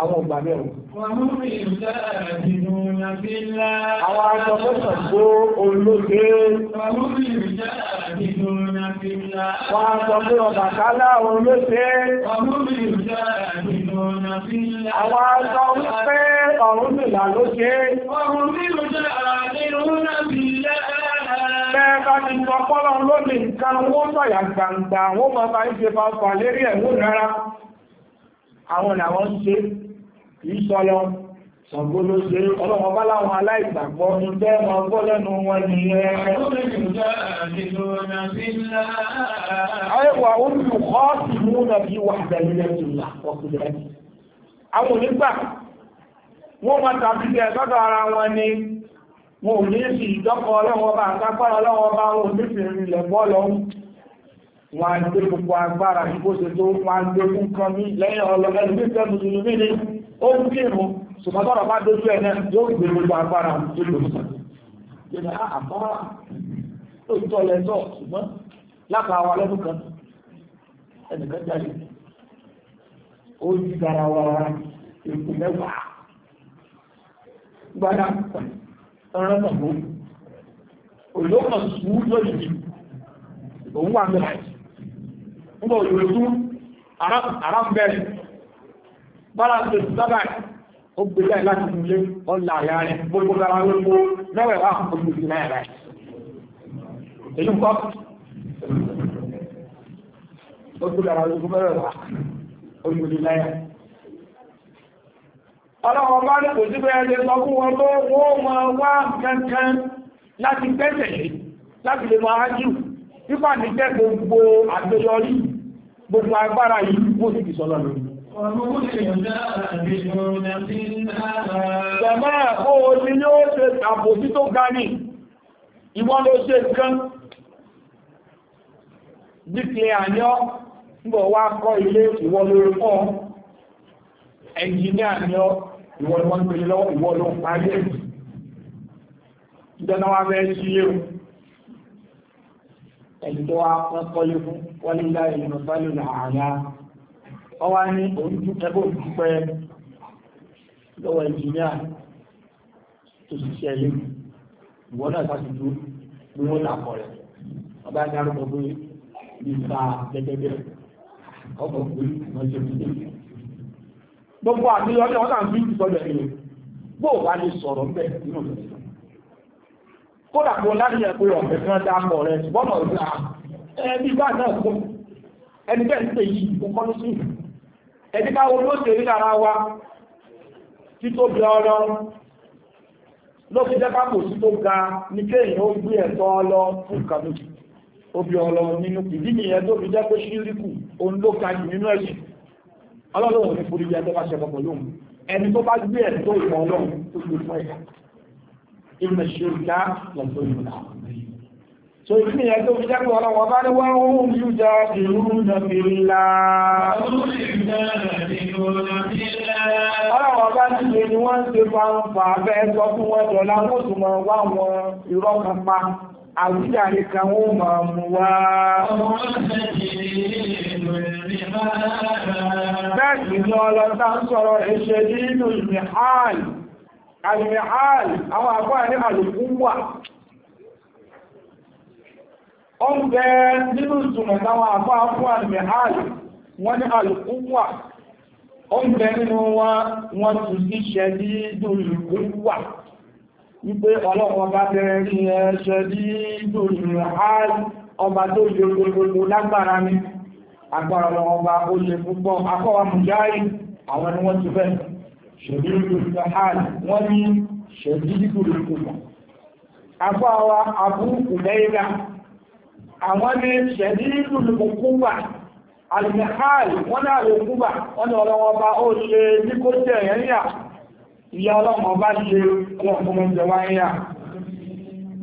àwọn ọgbà mẹ́rin. Àwọn aṣọ́fẹ́sọ̀ tó olóògbé. Wọ́n aṣọ pé ọ̀dà kálá olóògbé. Àwọn aṣọ wípé ọ̀rún mìlà lóṣe. Bẹ́ẹ̀bá ti sọ pọ́lọ̀ lónìí nǹkan wọ́n sọ̀yà gbàǹgbà wọ́n máa bá fà lérí ẹ̀wọ̀n rárá àwọn làwọn ṣe kìí sọlọ Ṣàngó ló ṣe ọlọ́wọ́ bá láwọn aláìgbàgbọ́ ní jẹ́ ọmọ ọgbọ́ lẹ́nu wọn ni ẹ. Àwẹ́wà olùkọ́ ti mú náà bí wà ìdàlílẹ̀ tó là ọkùnrin rẹ̀. Àwọn onígbà, wọ́n máa tàbí bí ẹ̀sọ́dọ̀ ara wọn ni wọn ò ní sí ìjọ́kọ̀ ọlọ́wọ́ bá àkápá ọlọ́wọ́ bá wọn ò ní sí ìrìnlẹ̀ bọ́ lọ́wọ́. wọ́n á gbé púpọ̀ agbára bó tó wọ́n gbé fún kan mí lẹ́yìn ọlọ́gbẹ́ ní mùsùlùmí ni ó ń kírun ṣùgbọ́n bá dojú ẹ̀ yóò gbé agbára nígbà òyìnbó tún bára ṣe sábà ó gbé láti ilé ọ̀la àyà rẹ̀ gbogbo gara gbogbo mẹ́wẹ̀ẹ́ wà fún náírà èyí ń kọ́ gbogbo gara gbogbo mẹ́wẹ̀ẹ́ wà ojú náírà ọlọ́wọ́ bá ní kò síbẹ̀ ẹgbẹ́ sọ fún wọn wọ́n wá kankan láti gbogbo gbogbo agbára yìí kó sì sọ lọ́nà Bàbá ó ní yóò ṣe àbòsí tó ga ní ìwọ́n ló ṣe nǹkan dípẹ́ àyọ́ mbọ̀ wá kọ́ ilé ìwọ́n lórí fún ẹnjìníà ni ìwọ́n ló ń pèlè lọ́wọ́ ìwọ́n ló ń parí ẹ̀jì ìjọ́nà wá fẹ́ sí léwu ẹni tó wá wọ́n kọ́lé fún wọ́n nílá wọ́n wá ní oúnjú ẹgbẹ́ òdúpẹ́ lọ́wọ́ ẹnjìníà tó ṣiṣẹ́ ilé ìwọ́n náà sá rẹ̀ kódà kó láti yẹ pé ọ̀fẹ́ tí wọ́n dá pọ̀ rẹ̀ ṣùgbọ́n mọ̀ sí ẹbí bá náà kó ẹni bẹ́ẹ̀ ń pè yí kó kọ́ sí ẹni ká wo ló tèrí lára wa títóbi ọlọ ló fi jẹ́ kápò sí tó ga ní kéèyàn ó gbé ẹ̀tọ́ ọlọ fún kàlójì obi ọlọ nínú ìdí nìyẹn tó fi jẹ́ pé ṣíríkù òun ló ga jù nínú ẹ̀sìn ọlọ́run ò forí jẹ́ tó bá ṣẹ̀kọ̀ pẹ̀lú ẹni tó bá gbé ẹ̀tọ́ ìmọ̀ ọlọ́run tó gbé fún ẹ̀yà ìmọ̀ ṣíríkà lọ́tọ́ ìmọ̀ so ìdí ìyẹn tó fi jágbé ọlọ́wọ́ bá ní wọ́n ohun yíò já ìrú nàbílá ọlọ́wọ́ bá ní ṣe ni wọ́n ń ṣe fàǹfà bẹ́ẹ̀ sọ fún wọn dọ̀lá wọ́n tún mọ̀ wá wọn irọ́ kan pa àwíjàre kan ó máa mú wá bẹ́ẹ̀ sì ni ọlọ́ta ń sọ̀rọ̀ ìṣẹ́ nínú ìmìhàn alìmẹ̀hàl àwọn àgbà ní àlùkún wà ó ń bẹ nínú ìtumọ̀ táwọn àgbà fún alìmẹ̀hàl wọ́n ní àlùkún wà ó ń bẹ nínú wọn tún sí ṣẹ̀dí dùlùkún wà wípé ọlọ́pọ̀ bá bẹ̀rẹ̀ rí ẹ àwọn ẹni wọ́n ti bẹ́ẹ̀ ṣèdíkù ìfàhàn wọ́n ní ṣèdíkù ìfàhàn afọ́ àwa àbúrúkù lẹ́yìnà àwọn ní ṣèdíkù ìfàhàn alìmẹ̀hàn wọ́n ní àlòkúbà wọ́n ní ọlọ́wọ́ bá ó ṣe ní kó jẹ́ ẹ̀yà ìyá ọlọ́mọ bá ṣe ọlọ́kùnrin jẹwa ẹ̀yà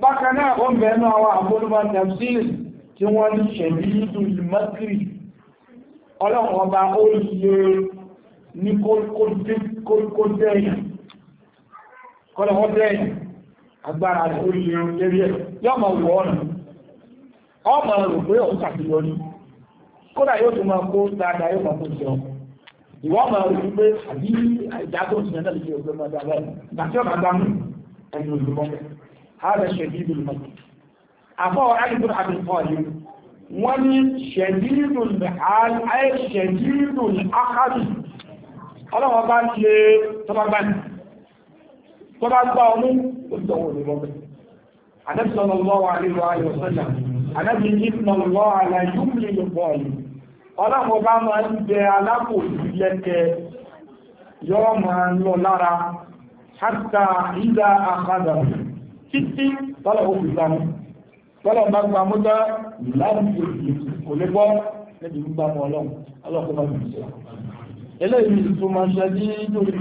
bákan náà ó mẹ́nu àwọn àbúrúmọ̀ tafsir tí wọ́n ní kó dẹ́yìn kọ́lọ̀ wọ́n dẹ́yìn agbára rẹ̀ orí irun lérí ẹ̀ yọ́ ma wọ́ ọ̀nà ọmọ rò pé òun ṣàṣeyọrí kódà yóò tún máa kó dáadáa yóò máa kó jẹun ìwọ́n máa rí pé àbí ìjà tó ń sinmi náà lè ṣe ògbé máa dáadáa gbàtí ọ̀nà dámú ẹni olùmọ́ ààrẹ ṣẹ̀dí ìlú ọlọ́wọ́n bá ń ṣe tọ́bágbáni tó bá gbá ọmú olùdọ̀wọ̀ olùbọ̀bẹ̀ àdẹ́sọ̀lọ́wọ́ àríwá àríwọ̀sọ́jà àdẹ́bí ìfìnàlọ́ àlàyúmí lọ́pọ̀ yìí ọlọ́wọ́n bá máa ń bẹ alápò ìlẹ́kẹ̀ yọ́ máa ń lọ lára hátà ìdá àkádà títí tọ́lọ̀ ó fi gbámú tọ́lọ̀ bá gbámú tán láti kò lè gbọ́ níbi ọlọ́run ọlọ́run eléyìí tó máa ṣe ní torí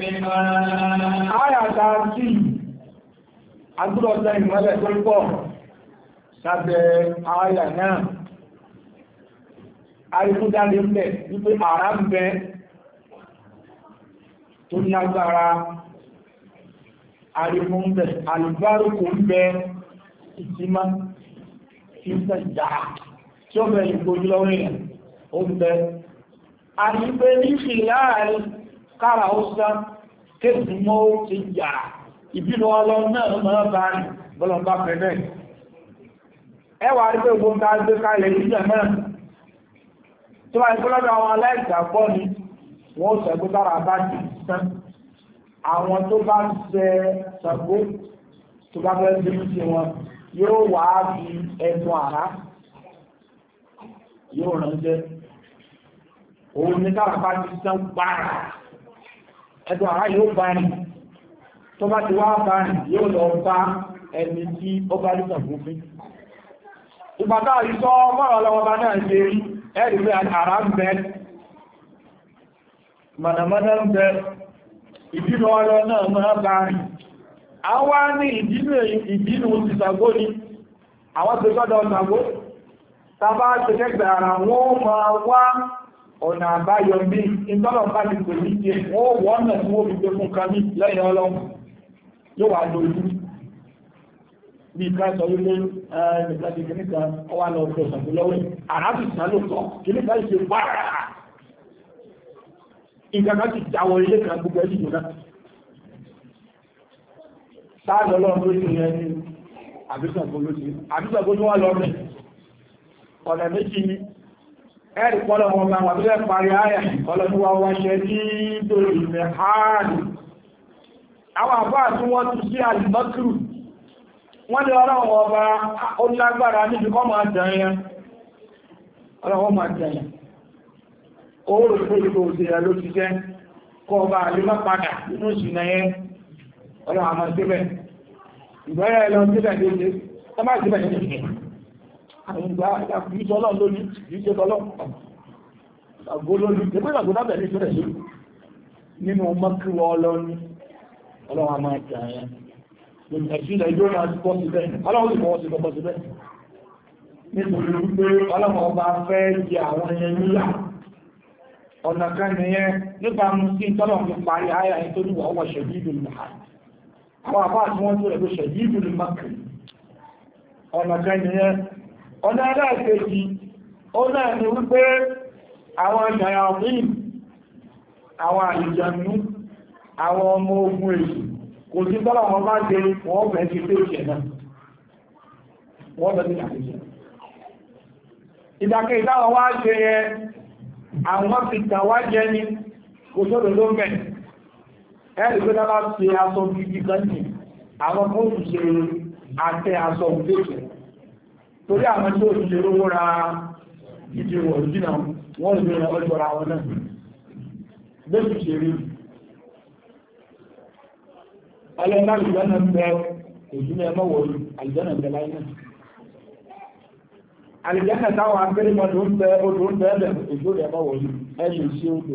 rẹ̀ ààyàtà tí agbúrọ̀ta ìmọ́lẹ̀ tó pọ̀ sábẹ̀ ààyà náà arìkúdáre mẹ́ wípé àrá ń bẹ tó ní agbára arìmú ń bẹ alìbárùkù ń bẹ ìtímá tí ń sẹ̀ dáa tí ó bẹ̀rẹ̀ ìgbójúlọ́wọ́ ìrìn ó ń bẹ àti pé ní ṣìláàrí kára ó sá kéèkì mọ́ ó ti yàrá ìbílò ọlọ́run náà mọ́ bá ní bọ́lọ̀mbá pẹ̀lẹ̀ ẹwà rí pé gbogbo ta gbé kalẹ̀ ìjẹ́ náà tó bá ìpínlẹ̀ àwọn aláìsàgbọ́ ni wọ́n sẹ̀gbó tára bá ti sán àwọn tó bá ṣe sàgbó tó bá fẹ́ sí sí wọn yóò wá fi ẹ̀tún àrá yóò ránṣẹ́ òun ní káàkà ti sán gbára ẹgbẹ́ ara yóò bá ní tó bá ti wá bá ní yóò lọ bá ẹni tí ó bá ní sàgbófin ìgbàtà ìsọ mọ́rọ̀ lọ́wọ́ bá náà ṣe rí ẹ̀rì pé ń bẹ ń bẹ ìbínú ọlọ náà bá rí a wá ní ìbínú ti sàgbó ni àwọn tó sàgbó tàbá ti ara máa wá ọ̀nà àbáyọ bí ìtọ́lọ̀ bá ti pè ní jẹ wọ́n wọ́n náà tí wọ́n fi gbé fún kamí lẹ́yìn ọlọ́run yóò wá lójú bí i ká sọ wípé ẹ̀ẹ́dẹ̀gbẹ́sì kìníkà ọwá lọ fẹ́ ṣàkó lọ́wọ́ àrábì sálòtọ̀ kìníkà ìṣe pààrà ìgbàgbà ti jáwọ ilé kan gbogbo ẹ̀sì jùlọ sáàlọ́ lọ́run ló ti rẹ ní àbísàgbó ló ti àbísàgbó ló wà lọ́rùn ọ̀nà méjì ni ẹ̀rì pọ́lọ̀ wọn bá wà tó lẹ́ parí ayà ọlọ́dúnwà wáṣẹ́ ní dòrò ìmẹ̀ ààrì àwọn àbá tí wọ́n tún sí alìmọ́kìrù wọ́n lè ọlọ́wọ́ ọba àlúmọ́ padà nínú ìṣìnà àyìnbá ìṣọ́ náà lónìí ìṣẹ́ tọ́lọ́ àgbó lónìí ẹgbẹ́ ìgbàgbó dábẹ̀ ní ìṣẹ́lẹ̀ sí nínú mọ́kíwọ́ ọlọ́ni ọlọ́wọ́ máa jà yẹn lórí ẹ̀ṣílẹ̀ ìjọ náà ti pọ́ síbẹ̀ ọlọ́wọ́ ìmọ̀ sí pọ́ síbẹ̀ nítorí wípé ọlọ́wọ́ bá fẹ́ jẹ àwọn ẹyẹn níyà ọ̀nà kan nìyẹn nípa mú sí tọ́lọ̀ fi parí ayà yẹn tó ọwọ́ ṣẹ̀dí ìdùnnú àwọn àbá àti wọ́n tó rẹ̀ ló ṣẹ̀dí ìdùnnú ọ̀nà kan nìyẹn ọ̀nà aláìkejì ó náà ni wípé àwọn ṣàyàmín àwọn àlìjànú àwọn ọmọ ogun èṣù kò sí tọ́lá wọn bá ṣe wọ́n fẹ́ ti pé ìṣẹ̀ náà wọ́n fẹ́ ti àṣìṣẹ́ ìdàkẹ́ ìdáwọn wá ṣe yẹ àwọn ti tàwá ẹ̀rì pé tọ́lá ṣe aṣọ gidi kan ní àwọn fóònù ṣe àtẹ aṣọ òfin torí àwọn tí ó ti lè rówó ra ìdí òjìnà wọ́n lè rẹ̀ ọjọ́ra wọn náà lẹ́sù ṣe rí ọlọ́nà ìgbẹ́nà bẹ òjìnà ẹmọ́wọ̀ àlìjẹ́nà bẹ láyé náà àlìjẹ́nà táwọn abẹ́rẹ́mọ́dé ń bẹ odò ń bẹ́ẹ̀bẹ̀ òjò rẹ̀ ẹmọ́wọ̀ ẹ̀yìn sí odò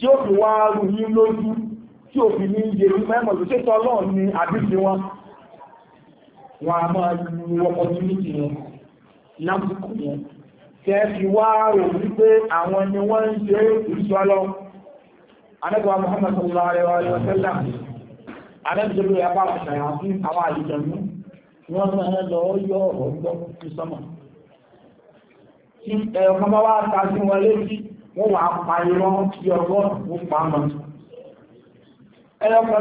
tí ó fi wá rú ní lójú tí ó fi ní iye ní mẹ́mọ̀ tó ṣe lọ́n ní àbíṣe wọn wọ́n a máa lu ọkọ̀ ní méjì yẹn lábùkù yẹn tẹ́ fi wá wípé àwọn ni wọ́n ń ṣe ìṣọ́lọ́ anẹ́gbà wa ta sí wọn wọ́n wà pa irọ́ tí ọgbọ́n ó pa mọ́.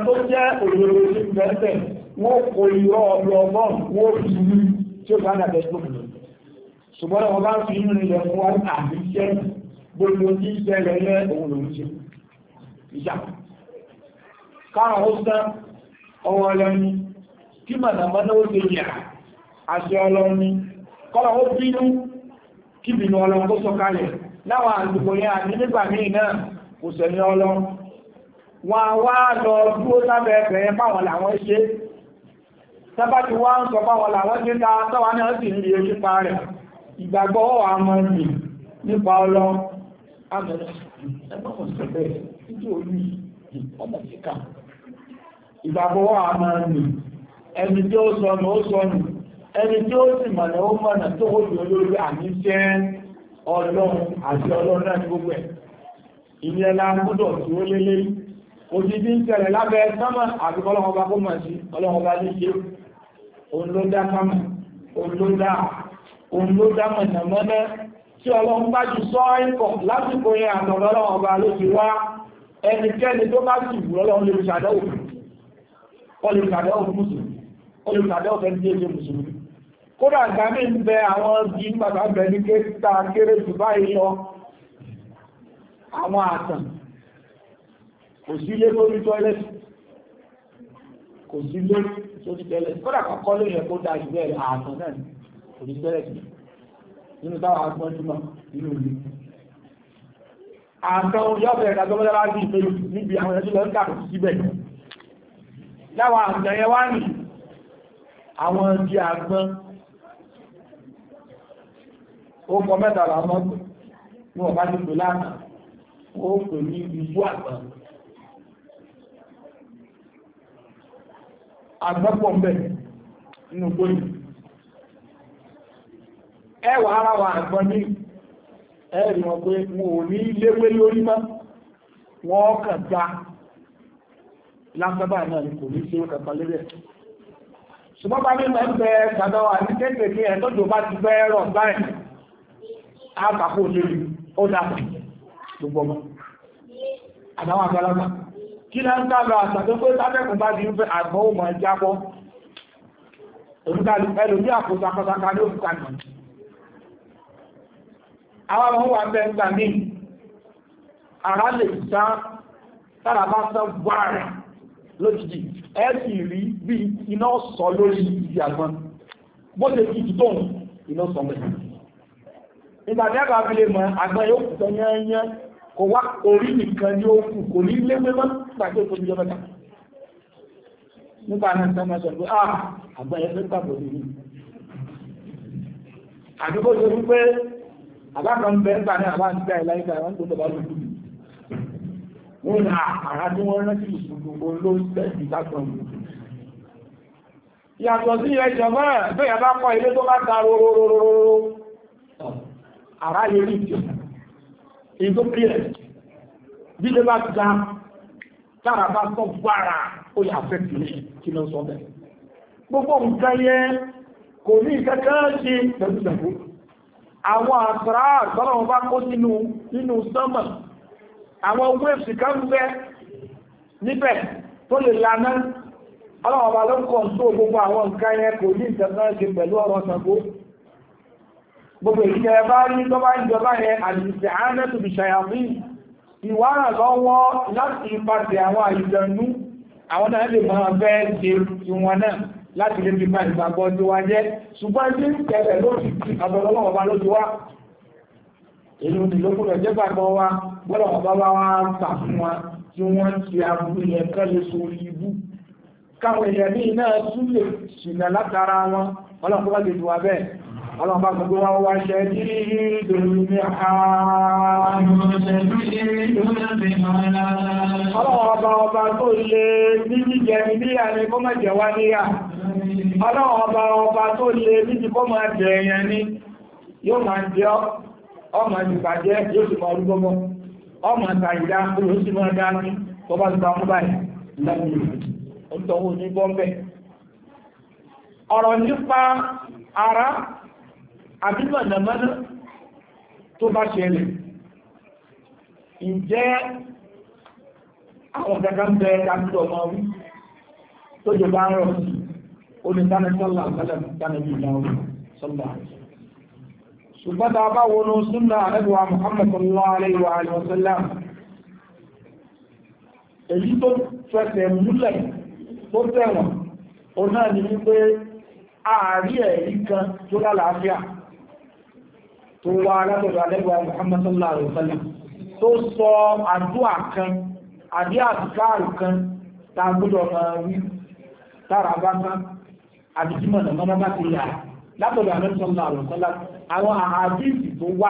tó jẹ́ òyìnbó tí wọ́n kò irọ́ ọgbọ́n wọ́n fi wí tí ó bá dàbẹ̀ tó mú. ṣùgbọ́n wọn fi inú ilẹ̀ fún wa àbí iṣẹ́ gbogbo tí iṣẹ́ rẹ̀ lẹ́ òun lòún ṣe. ìjà káwọn ó sán ọwọ́ ọlọ́ni kí mọ̀nàmọ́ná ó ṣe yà àṣẹ ọlọ́ni kọ́lọ̀ ó bínú kí bínú ọlọ́ni láwọn àdúgbò yẹn àti nígbà míì náà kò sẹ̀mí ọlọ wọn wá lọ dúró lábẹ́ ẹgbẹ̀ yẹn báwọn làwọn ṣe sábà tí wá ń sọ báwọn làwọn ṣe ta sáwà náà sì ń lè nípa rẹ̀ ìgbàgbọ́ àmọ́ ìlú nípa ọlọ ìgbàgbọ́ àmọ́ ìlú ẹni tí ó sọnù ó sọnù ẹni tí ó sì mọ̀nà ó mọ̀nà tó ó lò lórí àmì jẹ́ ọlọ́run àti ọlọ́run náà ní gbogbo ẹ̀ ìyẹn la gbọ́dọ̀ tí ó lélé òjìdí ń tẹ̀lẹ̀ lábẹ́ sánmà àti ọlọ́run bá kó mọ̀ sí ọlọ́run bá ní ṣe òun ló dá sánmà òun ló dá òun ló dá mọ̀nàmọ́ná tí ọlọ́run bá ju sọ ẹ̀kọ́ lásìkò yẹn àtọ̀rọ̀ ọlọ́run bá ló ti wá ẹnikẹ́ni tó bá mùsùlùmí kódà ìgbàmí ń bẹ àwọn ọdí bàbá bẹ ní kéta kéré jù báyìí lọ àwọn àtàn kò sí lé lórí tọ́lẹ̀tì kò sí lé lórí tọ́lẹ̀tì kódà kọ́kọ́ lórí ẹ̀kọ́ dá jù bẹ́ẹ̀ àtàn náà kò ní tọ́lẹ̀tì nínú táwọn agbọ́n jùmọ̀ nínú ìlú àtàn yọ́bẹ̀ ìdájọ́mọ́lá láti ìpéjú níbi àwọn ẹjọ́ lọ́ńkà kò síbẹ̀ láwọn àtàn wá nì àwọn ti àgbọn ó kọ mẹ́ta là mọ́ pé ní pè ó pè ní ibú àgbọn àgbọ́pọ̀ mbẹ̀ nínú gbóyè ẹwà ara wa àgbọn ní ẹ̀rì wọn pé wọn ò ní léwé lórí mọ́ wọ́n ka gba lásọ́bà náà ni kò ní ṣe ó kàkọ́ lórí ẹ̀ ṣùgbọ́n bá nínú ẹgbẹ́ ní kéèkéé ẹ̀tọ́jọ́ bá ti rọ̀ báyìí àpapọ̀ olórí ó dápì gbogbo ọmọ àdáwọn àgbàlagbà kí náà ń tàbí àtàkùn pé tábẹ́kùn bá di ń fẹ́ àgbọ́ ọmọ ìjábọ́ òmìtàlù ẹlòmí àkóso akọ́sáká ní òmìtà nì àwọn ọmọ wà bẹ́ẹ̀ ń gbà mí ara lè sá tára bá sá wàrẹ̀ lójijì ẹ sì rí bí iná sọ lórí ìdí àgbọn bó ṣe kìkì tóun iná sọ mẹ́rin ìgbàdí àbá fi lè mọ̀ àgbọn yóò kù tán yányán kò wá orí nìkan ní ó kù kò ní lé mẹ́mọ́ pàdé òkú ìjọ mẹ́ta nípa náà sọmọ sọ pé ah àgbọn yẹn fẹ́ pàbọ̀ nìyí àdúgbò tó rí pé àbákan ń bẹ nípa náà àbá ń gbà ẹ̀ láyé káyọ̀ ń tó bàbá lójú wọn ni ah, àrà tí wọ́n rántí ìṣòro olóńtẹ́ ìtàkùn yàtọ̀ sí ẹjọ́ mọ́ bẹ́ẹ̀ bá kọ́ ilé tó bá ta rororororo àráyé rí ìjọ èyí tó kílẹ̀ bí lè bá ga tára bá sọ gbára ó yà fẹ́ kìlẹ̀ kí ló sọ bẹ́ẹ̀ gbogbo nǹkan yẹn kò ní kankan ṣe pẹ̀lú ìdàgbò àwọn àṣàrà àgbọ́nà bá kó sínú nínú sánmà àwọn waves kan bẹ́ níbẹ̀ tó lè lana ọlọ́wọ́ bá ló ń kọ̀ tó gbogbo àwọn nǹkan yẹn kò ní kankan ṣe pẹ̀lú ọ̀rọ̀ ìdàgbò gbogbo ìṣẹ́ bá rí tó bá ìjọba yẹn àdìsẹ̀ ánẹ́tù bí ṣàyàmí ìwárà lọ́wọ́ láti ipasẹ̀ àwọn àìjọnú àwọn náà lè máa fẹ́ ṣe ìwọn náà láti lè fi máa ìgbàgbọ́ tó wá jẹ́ ṣùgbọ́n tí ń tẹ̀lẹ̀ lórí àbọ̀lọ́wọ́ bá lójú wá èyí ni lókùn rẹ̀ jẹ́ gbàgbọ́ wa gbọ́dọ̀ bá wá wá tà fún wa tí wọ́n ti aburú yẹn kán lè so ibú káwọn èèyàn ní iná tún lè ṣìnà látara wọn ọlọ́pàá lè ju wa bẹ́ẹ̀ ọlọ́pàá gbogbo wọn wá ìdòrò ní ọba tó lè ní jíjẹ ní àní kó mẹ́jẹ̀ wá níyà ọba tó lè ní kó máa jẹ ẹ̀yẹn ní yóò máa jẹ́ ọmọ ìbàjẹ́ yóò sì máa rúgbọ́mọ́ àbí mọ̀nàmọ́ná tó bá ṣẹlẹ̀ ǹjẹ́ àwọn kankan bẹ káàkiri ọmọ wí tó jẹ bá ń rọ̀ sí olùdáni sọ́lá àgbàlẹ̀ ìdánilẹ̀ ìdáwó sọ́lá ṣùgbọ́n tá a bá wọnú súnà àrẹ́bùwà Muhammad sallallahu alaihi wa alihi wa sallam èyí tó fẹsẹ̀ múlẹ̀ tó tẹ̀wọ̀n ó náà ní wípé ààrí ẹ̀rí tó lálàáfíà tó wá alábọ̀dọ̀ alẹ́gbà Muhammad sallallahu alaihi wasallam tó sọ àdúà kan àbí àtìkáàrù kan tá gbọ́dọ̀ máa wí tára bá tán àbí tí mọ̀nà mọ́nà bá ti yà látọ̀dọ̀ alẹ́gbà sallallahu alaihi wasallam àwọn àhàdíìsì tó wá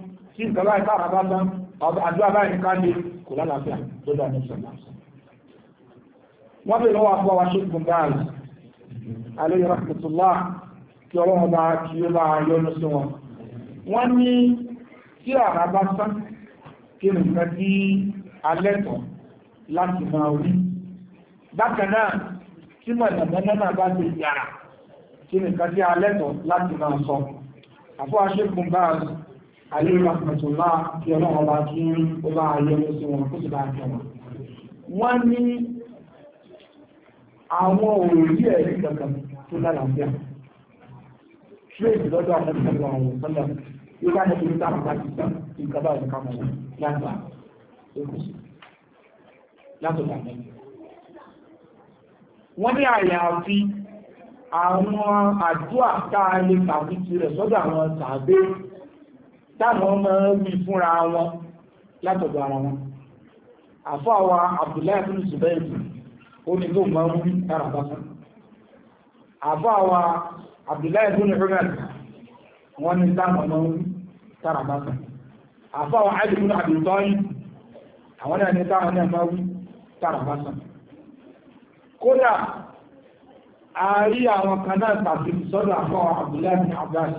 sí nǹkan báyìí bá àbá tán àdúrà báyìí ká lè kò lálàáfíà tó dá nípa ìlàsàn. wọ́n bèèrè lọ́wọ́ àbúrò wa ṣéèkù báàlì alayhi rahmatullah kí ọlọ́run bá kí ó bá yọnu sí wọn. wọ́n ní tí àrà bá tán kí nǹkan tí alẹ́ tán láti máa rí. bákan náà tí mọ̀nàmọ́ná náà bá ti yàrá kí nǹkan tí alẹ́ tán láti máa sọ. àfọwọ́ ṣéèkù báàlì alẹ́ ìrọ̀pẹ̀tùlá kí ọlọ́run bá kí ó bá ayé ló sí wọn kó sì bá kẹwà wọ́n ní àwọn òòrí ẹ̀rí kankan tó lálàáfíà tírèdì lọ́dọ̀ àtẹ́sẹ̀lẹ̀ àwọn sọ́lẹ̀ yíká ní ìlú táwọn bá ti sọ ìkàbá ìka mọ̀ sọ́dọ̀ àwọn tàbí táwọn ọmọ wí fúnra wọn látọ̀dọ̀ ara wọn àfọ́ àwa Abdullahi bin Zubair ó ní ló máa ń wí tára bá fún àfọ́ àwa Abdullahi bin Umar wọ́n ní táwọn ọmọ wí tára bá fún àfọ́ àwa Ali bin Abi àwọn náà ní táwọn náà wí tára bá fún kódà a rí àwọn kan náà tàbí sọ́dọ̀ àfọ́ Abdullahi bin Abbas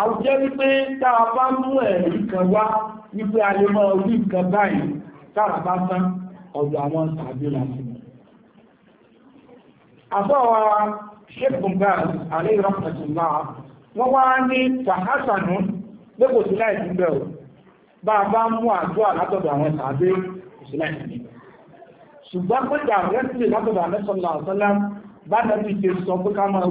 àwùjẹ́ wípé táà bá mú ẹ̀rí kan wá wípé a lè orí nǹkan báyìí bá tán ọ̀dọ̀ àwọn tàbí láti mọ̀. wọ́n wá ní tàhásànú pé kò sí láìsí bẹ́ẹ̀ o bá a bá mú àjọ àlátọ̀dọ̀ àwọn tàbí kò sí láìsí bẹ́ẹ̀. ṣùgbọ́n pé látọ̀dọ̀ bá dàbí sọ pé ká máa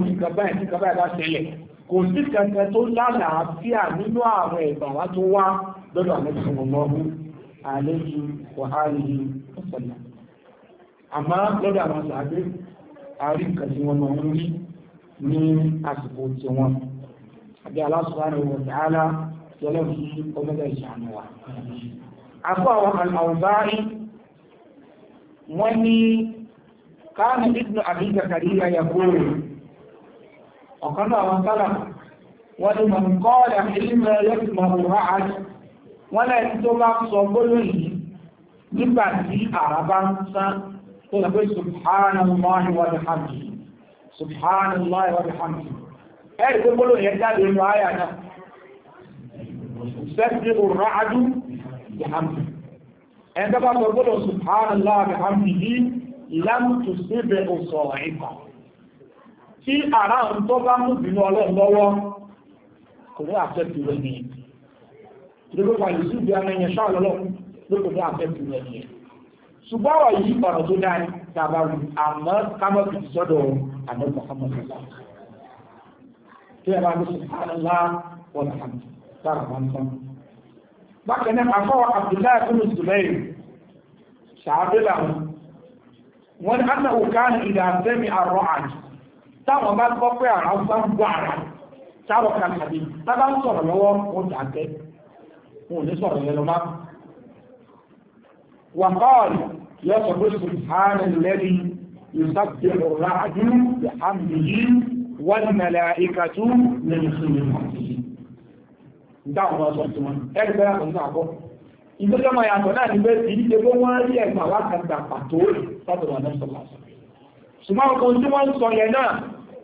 bá ṣẹlẹ̀ kò sí kankan tó lálàáfíà nínú àwọn ẹ̀bà wá tó wá lọ́dọ̀ àmẹ́sìnmọ̀mọ́mú àlejò wàhálì ọ̀sẹ̀lá àmá lọ́dọ̀ àwọn sàábé àrí nǹkan tí wọ́n máa ń rí ní àsìkò tí wọ́n àbí aláṣùwárẹ̀ wọ̀ dáálá yọlọ́ وقضى وطلب ولمن قال حلم يسمع رعد ولا يتبع صبره لبعض أعرابا قل بي سبحان الله وبحمده سبحان الله وبحمده أي آية. تقول يدى انا سبح الرعد بحمده أي تبع سبحان الله بحمده لم تصبع صاعقه tí àrá ń tó bá mú bínú ọlọ́run lọ́wọ́ kò ní àfẹ́tì rẹ̀ ni lórí wà yìí sí ibi amẹ́yẹn ṣáà lọ́lọ́run ló kò ní àfẹ́tì rẹ̀ ni ṣùgbọ́n wà yìí ọ̀rọ̀ tó dáa ní tàbá rù àmọ́ kámọ́ fi ti sọ́dọ̀ àmọ́ Muhammad sọ́lá tí ẹ bá ní subhanallah wọn àmì sára táwọn bá gbọ́ pé ara bá ń gbọ́ ara sáwọ́ kàkàdé tábà ń sọ̀rọ̀ lọ́wọ́ ó dàgbẹ́ wọn ò ní sọ̀rọ̀ yẹn lọ má. wà bọ́ọ̀lù yóò sọ pé sùhánù lẹ́ni yùsàbẹ̀ ọ̀rọ̀ àdú àmì yìí wọ́n mẹ̀lẹ̀ ìkàtú lẹ́yìn sí ni wọ́n ti yìí. dáhùn wọn sọ sí wọn ẹ̀rí bẹ́ẹ̀ kò ní àbọ̀. ìgbésẹ̀ máa yàtọ̀ náà ní bẹ́ẹ̀ kìí ṣe pé wọ́n rí ẹ̀gbà wákàtà pàtó sọ́dọ̀ wọn náà sọ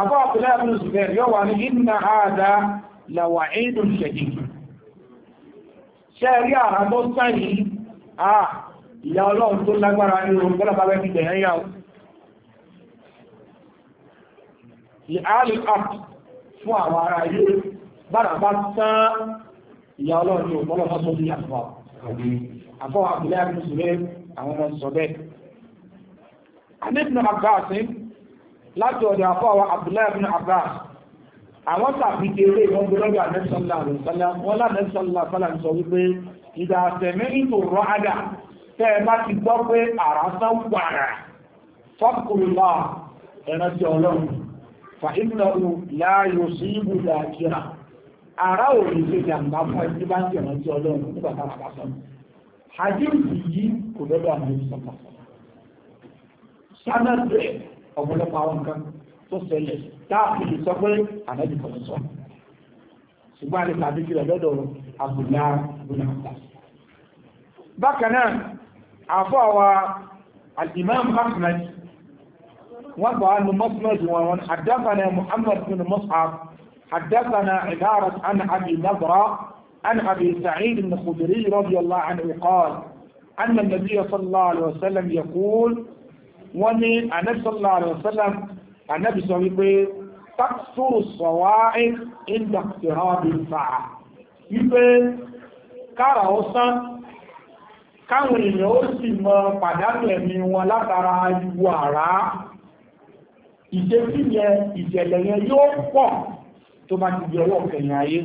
àbá àpìlẹ̀ àbúrú zùbẹ̀rẹ̀ yóò wà ní iná àádá làwà ìdù ṣẹ̀dì ṣe rí àrà tó sáyì à ìyá ọlọ́run tó lágbára ní orun gbọ́nà bá bẹ́ẹ̀ ti bẹ̀rẹ̀ yà ìhálì àp fún àwọn ará ilé bára bá tán ìyá ní orun gbọ́nà láti ọ̀dọ̀ àfọwà Abdullahi bin Abbas àwọn tàbíkì eré ìwọ̀n gbọ́dọ̀ àmẹ́sọ́lá àmẹ́sọ́lá wọn lánẹ́sọ́lá fọ́lá sọ wípé ìdá àtẹ̀mẹ́ ìtò rọ́ àdà tẹ́ ẹ bá ti gbọ́ pé àrá sán wàrà fọ́kùnlá ẹ̀rántí ọlọ́run fa ìmìnà òun láàyò sí ìbù dàkíra àrá ò ní ṣe jàǹbá fún ẹni yìí kò lọ́dọ̀ àmẹ́sọ́lá sanadé ọ̀pọ̀lọpọ̀ àwọn nǹkan tó ṣẹlẹ̀ táàfin sọ pé ànábì kan sọ ṣùgbọ́n àti tàbí jùlọ lọ́dọ̀ àbùlá bùnàbà bákan náà àfọ́ wa al-imam ahmed wọ́n gbà wọn mọ́sánàjì wọn wọn àdáfàna muhammad bin mus'ab àdáfàna ìdárat an abi nadra an abi sa'id bin khudri radiyallahu anhu qala anna nabiyya sallallahu alaihi wasallam yaqul wọ́n ní anẹ́sọ́lá àrẹ̀sọ́lá anẹ́bì sọ wípé taksuru sọ̀wáì indọ̀tìrọ́bì fàá wípé kára ó sán káwọn èèyàn ó sì mọ pàdánù ẹ̀mí wọn látara ìwọ àrá ìṣesí yẹn ìṣẹ̀lẹ̀ yẹn yóò pọ̀ tó bá ti di ọwọ́ kẹ̀yìn ayé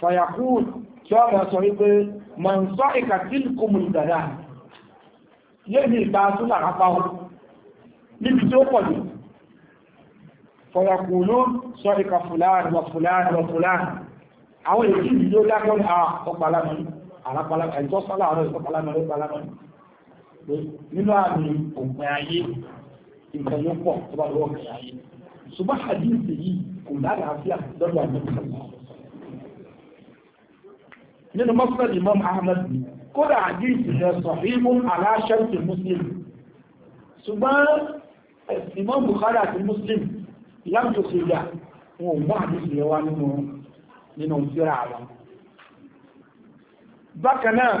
fàyàkùn tí ó mọ̀ sọ wípé mọ̀ ń sọ ìkàtílùkùnmù ìgbàdá lẹ́ni ìgbà súnà àpáwọn níbi tí ó pọ̀ jù fọ̀yàkùnú sọ ìkà fùláàrì wà fùláàrì wà fùláàrì àwọn èyí ìlú ló dákọ́ ní àpọ̀pàlámọ́rí àìjọ́sọ́lá àwọn ìpọ̀pàlámọ́rí pàlámọ́rí nínú àmì òpin ayé nǹkan ló pọ̀ nínú mọ́sílẹ̀ imam ahmed ni kódà àdíìsì rẹ̀ sọ̀hímú aláṣẹ́ǹtì muslim ṣùgbọ́n imam bukhari àti muslim lábùjọ síríà wọn ò mú àdíìsì rẹ̀ wá nínú nínú síra àwọn bákan náà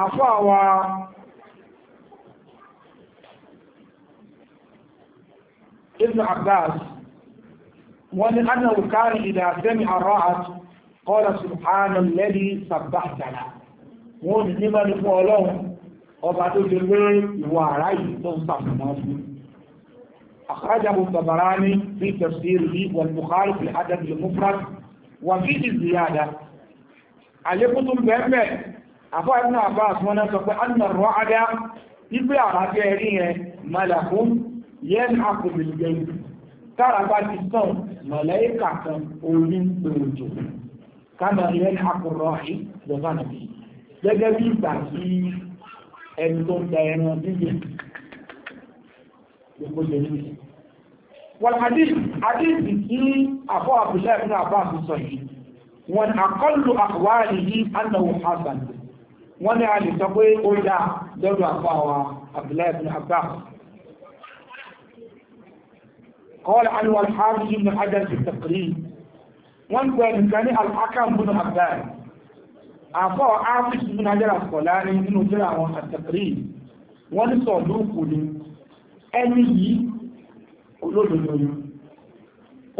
àfọ́ àwa ibn abbas wọ́n ni anna wukari ìdá sẹ́mi àrọ́ àti kọ́lá subhánà lẹ́dí sàbáàdàlà wọ́n ni nígbà ní fún ọlọ́run ọba tó ti lé ìwọ àrá yìí tó ń sàfihàn fún أخرجه الطبراني في تفسيره والبخاري في الأدب المفرد وفيه زيادة عليكم بأمة أفا ابن عباس ونسق أن الرعد ibi àwọn akẹ́rí yẹn malakun yẹn akọ̀bìlì gẹ̀ẹ́gì tára bá ti tán mọ̀lẹ́kà kan orí òjò kama ilẹ̀ akọ̀rọ̀ ìjọba bí gẹ́gẹ́ bí ìgbà sí ẹni tó ń da ẹran dídì gbogbo jẹ́lú wọ́n àdíjì tí àfọ́ àbúlẹ̀ ẹ̀fún àbá àbúsọ yìí wọ́n àkọlù àwárí yìí annahu hasan wọ́n ní a lè sọ pé ó dá lọ́rọ̀ àfọ́ àwọn àbúlẹ̀ ẹ̀fún àbá قال عن الحافظ بن حجر في التقريب wọ́n gbọ́ nìkan ní al'akàmùn àgbáyé àfọ́ áfíìsì ní ajẹ́ra kọ̀lá ní inú jẹ́ra àwọn àtàkìrí wọ́n ní sọ̀lú kò ní ẹni yìí olóòdòdó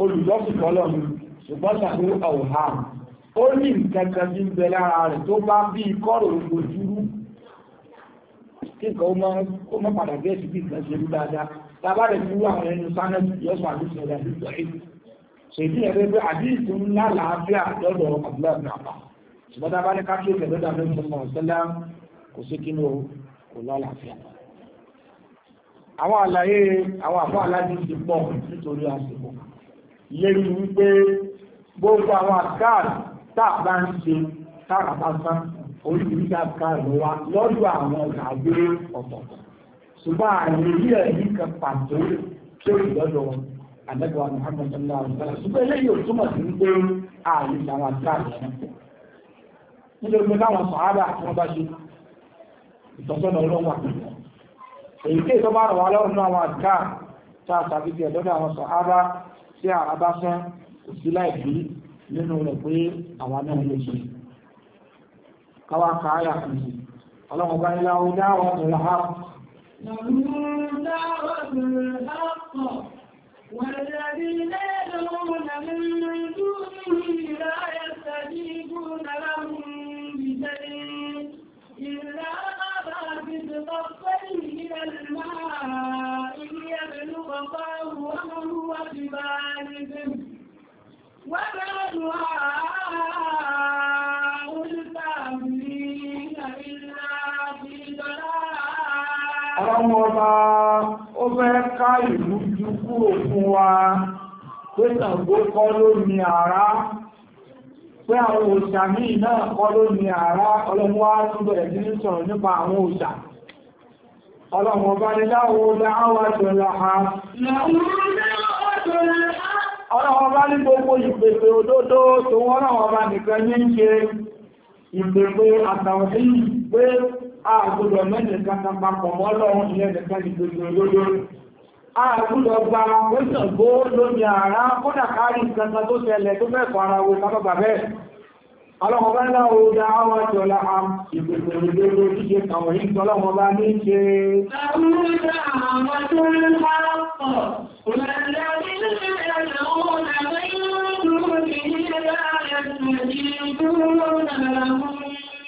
olùdọ́sùkọ́lọ̀ ní ṣùgbọ́n sàkó àwòhá ó ní nǹkan tí ń bẹ lára rẹ̀ tó bá bí kọ́rọ̀ ojúrú ṣèdí ẹ̀rẹ́ pé àdíìsì ńlá làáfíà lọ́dọ̀ àbúlá ìgbàpá ṣùgbọ́n tá a bá ní káfíò kẹ̀lọ́dà ní ìṣẹ̀lẹ̀ ọ̀sẹ́lá kò sí kí ní o kò lọ́ àlàáfíà àwọn àlàyé àwọn àfọ́ aláàjì ti pọ̀ nítorí àsìkò lérí wípé gbogbo àwọn àkáàrì ẹ̀rí kan pàtó tó ìlọ́dọ̀ wọn àdẹ́gbà Muhammad sallallahu alaihi wasallam ṣùgbọ́n eléyìí ò túmọ̀ sí pé ààyè ìṣàwọn àtàrí nítorí pé káwọn sàárà wọn bá ṣe ìtọ́sọ́nà ọlọ́wà èyí tí ìtọ́ bá rọ̀ lọ́rùn àwọn àdìká tá a tàbí ti àwọn sàárà sí àbásán kò sí láìpí nínú rẹ̀ pé àwọn náà lè ṣe káwá káyà kan ọlọ́run bá nílá ó dáwọ́ ìlà والذين يدعون من دونه لا يستجيبون لهم بشيء إلا باسط كفيه إلى الماء ليبلغ فاه وهو ببالغه وما دعاء الكافرين إلا في ضلال fẹ́ ká ìlú ju kúrò fún wa pé Ṣàngó kọ́ ló ní àrá pé àwọn òòṣà míì náà kọ́ ló ní àrá ọlọ́mọ wá tún bẹ̀rẹ̀ sí ní sọ̀rọ̀ nípa àwọn òòṣà ọlọ́mọ bá ní láwọ́ láwọ́ àtọ̀lá ha ọlọ́wọ́ bá ní gbogbo ìpèpè òdodo tó wọ́n náà wọ́n bá nìkan ní ń ṣe ìpèpè àtàwọn èyí pé àgbùdọ̀ mẹ́rin kankan papọ̀ mọ́ lọ́wọ́ ìyẹn nìkan ní gbogbo olódó àgbùdọ̀ gba pẹ́sàn bó lómi àrá kódà kárí kankan tó ṣẹlẹ̀ tó mẹ́kọ̀ ara wo sábàbà bẹ́ẹ̀ ọlọ́wọ́ bá ńlá o dá àwọn tí ọlá ha ìgbèsè olódó ṣíṣe kàwọn yìí tí ọlọ́wọ́ bá ní ṣe Thank you.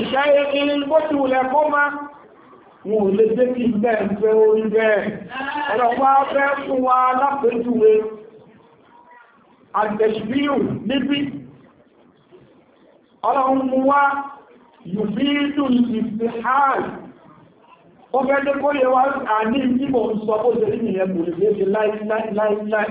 Ìṣáyé ilé bó ti wùlẹ̀ kó máa wọn ò lè jẹ́ kí bẹ́ẹ̀ fẹ́ orí bẹ́ẹ̀. Ọ̀rọ̀pá fẹ́ fún wa lápẹ́júwe. Àtẹ̀ṣbíyù níbi. Ọlọ́run mú wá yùbídù ìfìhàn. Ó fẹ́ dé kó yẹ wá àní ìdíbò ń sọ bó ṣe rí nìyẹn lè ṣe láíláíláí.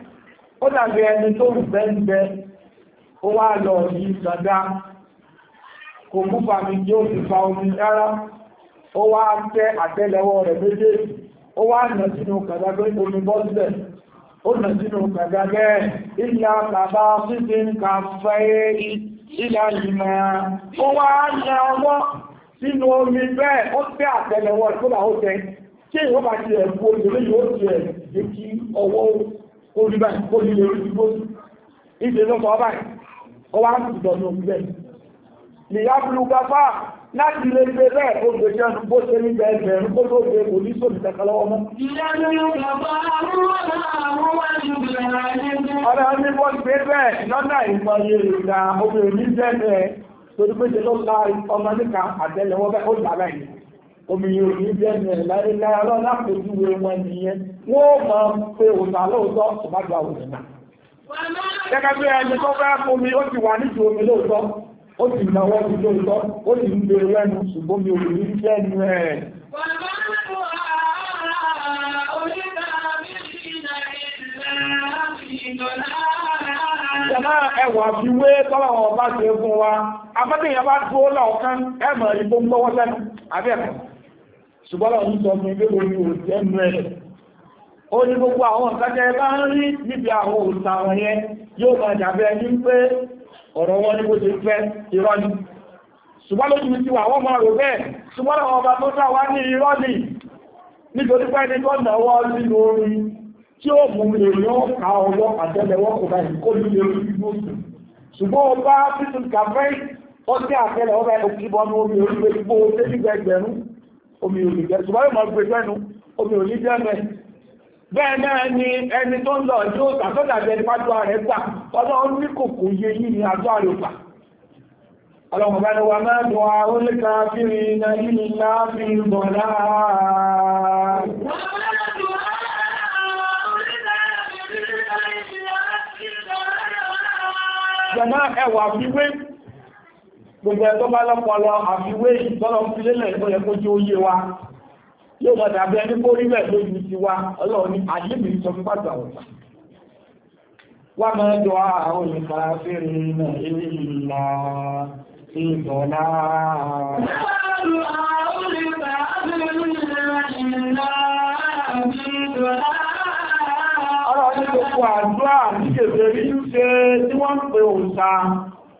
ó dàbí ẹni tó ń ó wá lọ yí gbàgbá kò mú fa omi rárá ó wá tẹ́ àtẹ́lẹwọ́ rẹ̀ méjèèjì ó wá nà sínú kàdá pé omi bọ́ sílẹ̀ ó nà sínú kàdá ilẹ̀ fífi ń ka fẹ́ ilẹ̀ ìmọ̀ ó wá nà sínú omi bẹ́ẹ̀ ó tẹ́ ó tẹ́ bá ti kó rí báyìí kó rí lórí gbogbo ìṣe ló sọ báyìí ó wá ń dùn ní omi bẹ́ẹ̀ lè yá bulu gbafá láti lè gbé bẹ́ẹ̀ ó gbé jẹ́ bó ṣe ní bẹ́ẹ̀ bẹ́ẹ̀ kó tó gbé kò ní sóbi kankan lọ́wọ́ mọ́. ọ̀rẹ́ ní wọ́n gbé bẹ́ẹ̀ lọ́nà ìmọ̀ye ìgbà obìnrin ní bẹ́ẹ̀ bẹ́ẹ̀ torí pé ṣe ló la ọmọ níka àtẹ́lẹwọ́ bẹ́ẹ̀ ó dà láì omi yòókì jẹ́nu ẹ̀ láyé lára lápòjúwe wọn nìyẹn wọ́n máa ń pe òòtà lóòótọ́ ìbájọ́ àwọn òòtà. gẹ́gẹ́ ẹni tó fẹ́ fomi ó ti wà nídìí omi lóòótọ́ ó ti náwó omi lóòótọ́ ó ti ń bèrè e lẹ́nu ṣùgbọ́n mi ò ní jẹ́nu ẹ̀. Ìjọba ẹwà fi wé tọ́lọ̀wọ̀ bá ṣe fún wa, abẹ́tẹ̀yàn bá dúró lọ́ọ̀kan ẹ̀mọ̀ ìgbóngbọ́wọ́ sẹ́nu, àbẹ́ẹ̀kọ̀ ṣùgbọ́n ọ̀hún sọ fún ilé orí òjẹ́ mú ẹ̀ ó ní gbogbo àwọn ìsájẹ́ bá ń rí níbi àwọn òòṣà wọn yẹn yóò máa jàbẹ́ ní pé ọ̀rọ̀ wọn ní bó ṣe fẹ́ irọ́ ni ṣùgbọ́n lójú ti wà wọ́n máa rò bẹ́ẹ̀ ṣùgbọ́n àwọn ọba tó dá wá ní irọ́ ni nítorí pé ní tó náwọ́ nínú orin omi òní jẹ́ ṣùgbọ́n ìmọ̀ gbé fẹ́nu omi òní jẹ́ mẹ́ bẹ́ẹ̀ náà ni ẹni tó ń lọ yóò tàbí àti ẹni pàjọ rẹ̀ gbà ọlọ́run ní kòkò yẹ yìí ni àjọ àrùpà ọlọ́run bá ní wa máa dùn àwọn olóka fíri iná yìí láàfin bọ̀ láàá Jọ̀mọ́ ẹwà wíwé gbogbo ẹ̀ tó bá lọ́pọ̀lọ́ àfiwé ìtọ́lọ̀ ń fi lélẹ̀ ìgbọ́ yẹ kó jẹ́ oyé wa yóò mọ̀ dàbí ẹni kó rí bẹ́ẹ̀ lójú ti wa ọlọ́run ní àyèmí sọ fún pàtó àwọn ọ̀tá wà máa dọ̀ àwọn olùkọ́ fèrè náà ilé ìlà ìbọ̀lá ọlọ́run ní gbogbo àdúrà ní kèfèrí ń ṣe tí wọ́n ń pè òǹta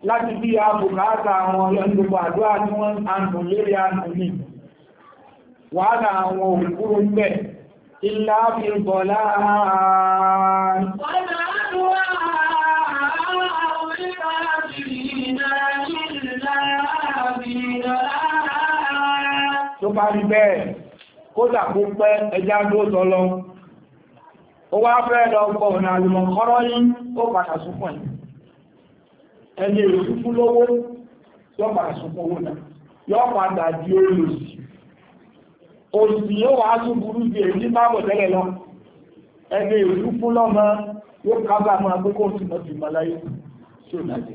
láti bí a bùkátà àwọn ọlọ́gbogbo àdúrà tí wọ́n ànù lérí ànù ní wàhálà àwọn òkúrò ń bẹ̀ ilá fi bọ̀lá tó bá rí bẹ́ẹ̀ kódà kó pẹ́ ẹjá tó tọ́lọ ó wá fẹ́ lọ pọ̀ ọ̀nà àlùmọ̀kọ́rọ́ yí ó padà súnkùn yìí ẹni èrò fúnfún lówó yọ́ máa sunkún owó náà yọ́ padà di olùsì òsì yóò wá tún burú di èyí bá bọ̀ tẹ́lẹ̀ lọ ẹni èrò fún lọ́mọ yóò kábà máa pé kó tìmọ̀ tìmọ̀ láyé tí ó dájú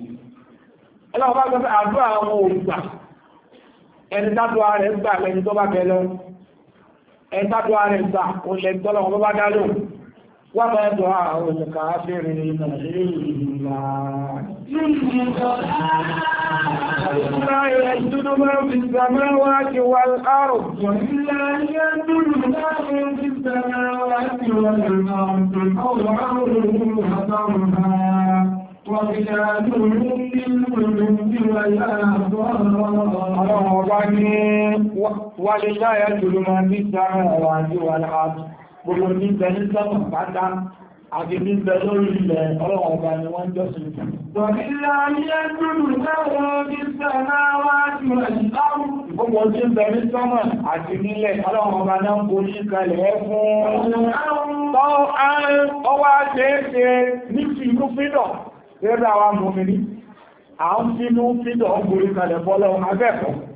ẹlọ́wọ́ bá gbọ́ àdúrà àwọn òògbà ẹni dájú ara ẹ̀ gbà lẹ́ni tó bá bẹ lọ ẹni dájú ara ẹ̀ gbà òun lẹ́ni tọ́lọ́wọ́ bá dá lóhùn وما دعاء الكافرين إلا لله يسجد ما في السماوات والأرض ولله يسجد ما في السماوات والأرض طوعا وكرها Ọlọ́run ọba ní wà lè láyé jùlọ máa ní sára àwọn àjíwà gbogbo ní bẹ ní sọ́mọ̀ pátá àti ní bẹ lórí ilẹ̀ ọlọ́wọ̀n ọba ni wọ́n jọ́sìn fún. Bọ̀dílá ayé dúdú lọ́wọ́ ní sẹ́láwájú ẹ̀láwù. Gbogbo tí ń bẹ ní sọ́mọ̀ àti nílẹ̀ ọlọ́wọ̀n ọba náà kò ní kalẹ̀ fún. Ọwọ́ àṣẹ́ṣe ní fìlú fídọ̀, rẹ́rẹ́ àwọn mọ̀mìnì, à ń fínú fídọ̀ ń borí kalẹ̀ bọ́lọ́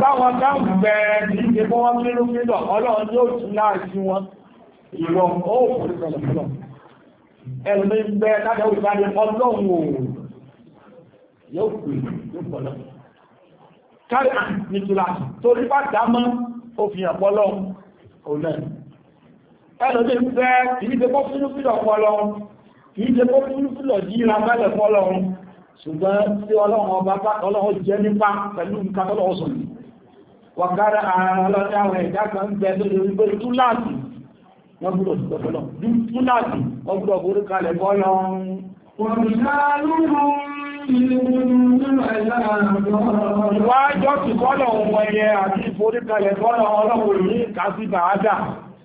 Báwọn dáhùn bẹ̀rẹ̀ ní ṣe bọ́ wọ́n kí ló fílọ̀, ọlọ́run yóò tún láàájú wọn, ìwọ̀n ó fòrí Ẹlùmí ń bẹ lábẹ́ ọlọ́run ò yóò pè ní Kárí ṣùgbọ́n tí ọlọ́run ọba ọlọ́run jẹ́ nípa pẹ̀lú nǹkan tọ́lọ́run sọ yìí wàkàrà ààrẹ àwọn ẹ̀dá kan bẹ lórí wípé túláàtì wọ́n gbúdọ̀ gbọ́dọ̀ túláàtì wọ́n gbúdọ̀ borí kalẹ̀ bọ́yọ̀ Ìwájọ́ ti kọ́lọ̀ wọn ẹyẹ àti ìforíkalẹ̀ kọ́lọ̀ ọlọ́run ní kásíbà ádà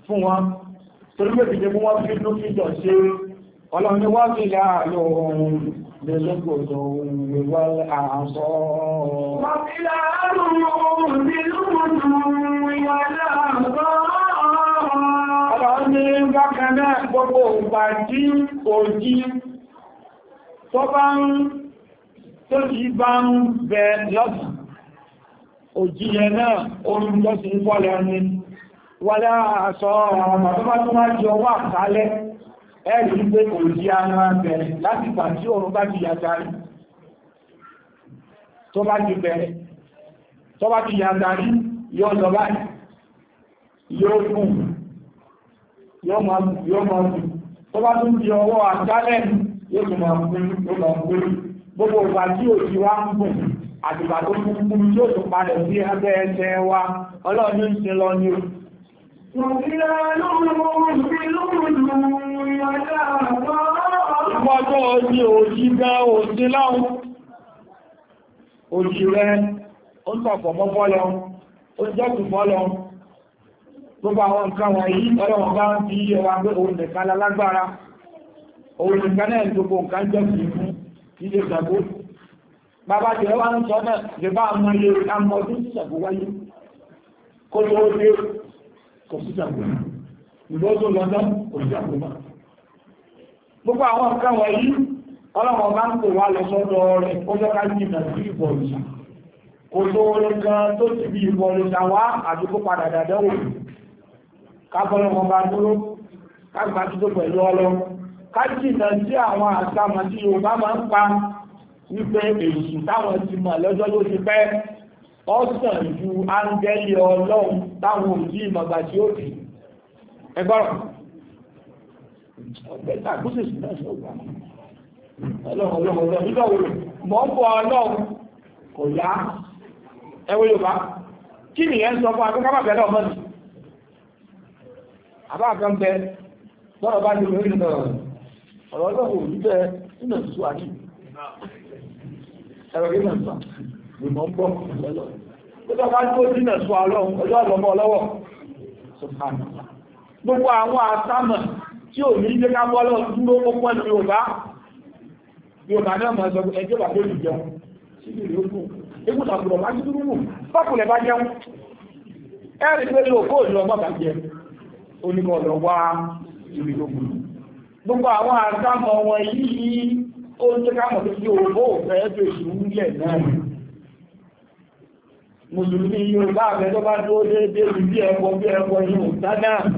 fún wọn, torí pé jẹ́ mú wọ́n fi lókítọ̀ ṣe ọlọ́run ni wọ́n fi láàrín lẹ́lẹ́gbọ̀dọ̀ ìwà àṣọ. Wàfílà àrùn ìlúùdù ìwà àṣọ. Ọ̀rọ̀ ní bákan náà gbogbo ìgbà tí òjì tó bá ń tó yí bá ń bẹ lọ́sàn. Òjì yẹn náà orin lọ́sìn fọ́lẹ̀ ni. Wàlá àṣọ ọ̀rọ̀ tó bá tó máa jọ wà kálẹ̀. ẹ̀rì wípé kò jí àwọn abẹ̀rẹ̀ láti gbà tí oòrùn bá ti yàtàrí tó bá ti bẹ̀rẹ̀ tó bá ti yàtàrí yóò lọ báyìí yóò gùn yóò máa tó bá tún di ọwọ́ yóò máa gbogbo ìgbà tí ò ti wá ń gùn àtìgbà tó yóò sí abẹ́ wa ọlọ́run ń lọ ni Ìpọ́jọ́ ọjí òjí gá òjí láhùn. Òjì rẹ̀, ó ń tàpọ̀ mọ́ fọ́lọ, ó jẹ́ kù fọ́lọ. Gbogbo àwọn nǹkan wọ̀nyí, ọlọ́run bá ń fi ẹwà pé òun nìkan lálágbára. Òun nìkan náà gbogbo nǹkan jẹ́ kù fún ilé ìgbàgbó. Bàbá jẹ́ wá ń sọ náà, lè bá àmọ́ ilé àmọ́ ọdún ìṣàgbó wáyé. Kó ló dé, kò sí ìṣàgbó. Ìgbọ́dún lọ́dọ́, kò sí ìṣàgbó máa gbogbo àwọn nǹkan wọ̀nyí ọlọ́wọ̀n bá ń pè wá lọ sọ́dọ̀ rẹ̀ ó lọ́ka ní ìbẹ̀rẹ̀ ìbọ̀rìṣà kò tó orin kan tó ti bí ìbọ̀rìṣà wá àti kó padà dàdẹ́wò kábọ́lọ́wọ́n bá dúró kágbà tó pẹ̀lú ọlọ kájìnà sí àwọn àsámà tí Yorùbá máa ń pa wípé èsù táwọn ti mọ̀ lọ́jọ́ ló ti pẹ́ ọ̀sán ju áńgẹ́lì ọlọ́run táwọn òjì ìmọ̀gbà tí ó ti ẹgbọ́rọ̀ ọ̀pẹ́ta gbóṣèṣù náà ṣe ọgbà ọlọ́run ọlọ́run ọlọ́run nígbà wo mọ̀ ń bọ̀ ọlọ́run kò yá ẹwọ́ yorùbá kí ni ẹ̀ ń sọ fún akẹ́kọ̀ọ́ bàbá ẹ̀rọ ọmọ ni àbá kan bẹ lọ́rọ̀ bá ní orí nà ọ̀rọ̀ ọlọ́run òní bẹ nínú ìṣú àní ẹ̀rọ kí nà sọ ìmọ̀ ń bọ̀ ọlọ́run tó tọ́ bá tó nínú ìṣú ọlọ́run ọjọ́ ọlọ́mọ tí ò ní jẹ́ ká bọ́lọ̀ dúró pọ́pọ́ ní Yorùbá Yorùbá náà máa sọ ẹjọ́ bá tó lè jẹun sí ìlú òkú ewu tàbùrọ̀ bá ti dúró mù fákùnlẹ̀ bá jẹun ẹ̀rì pé ló kó ìlú ọgbà bá jẹ onímọ̀lọ̀ wá ìlú gbogbo àwọn àdámọ̀ wọn yìí ó ń jẹ́ ká mọ̀ pé Yorùbá ò fẹ́ fèsì nílẹ̀ náà mùsùlùmí Yorùbá àfẹ́ tó bá dúró déédéé bí ẹ̀kọ́ bí ẹ̀kọ́ yìí ò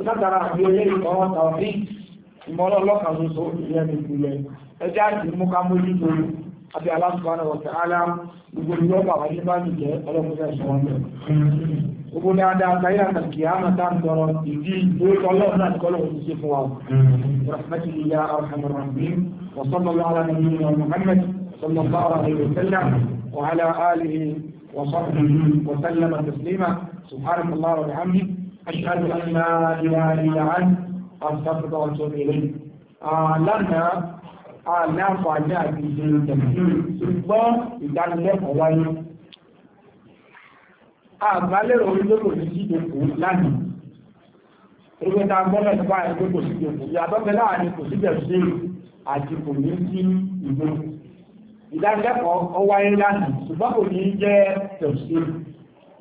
látara àbí olé ìkọwọ́ tàbí ìmọ̀lọ́ ọlọ́kan lóso ìyẹ́ ìpìlẹ̀ ẹjá ti mú ká mú ní lórí àbí aláṣùwánà ọ̀tẹ̀ alá gbogbo ìlú ọba wáyé bá ní jẹ́ ọlọ́pùsẹ̀ ìṣọ́wọ́n bẹ̀. gbogbo ní adá àtàyè àtàkì àmàtà ń tọrọ ìdí lórí ọlọ́run náà kọ́lọ̀ أشهد أن لا إله إلا أنت أستغفرك وأتوب إليك lánàá aláǹfààní àti ìṣẹ̀lẹ̀ tẹ̀sí ṣùgbọ́n ìdánilẹ́kọ̀ọ́ wáyé àgbálẹ̀rọ orílẹ̀-èdè kò sí ìdòkò lánàá ewé ta gbọ́nà tó bá ẹgbẹ́ kò sí ìdòkò ìyàtọ́fẹ́ láàrin kò sí ìdòkò àti kò ní sí ìgbò ìdánilẹ́kọ̀ọ́ wáyé lánàá ṣùgbọ́n kò ní jẹ́ tẹ̀sí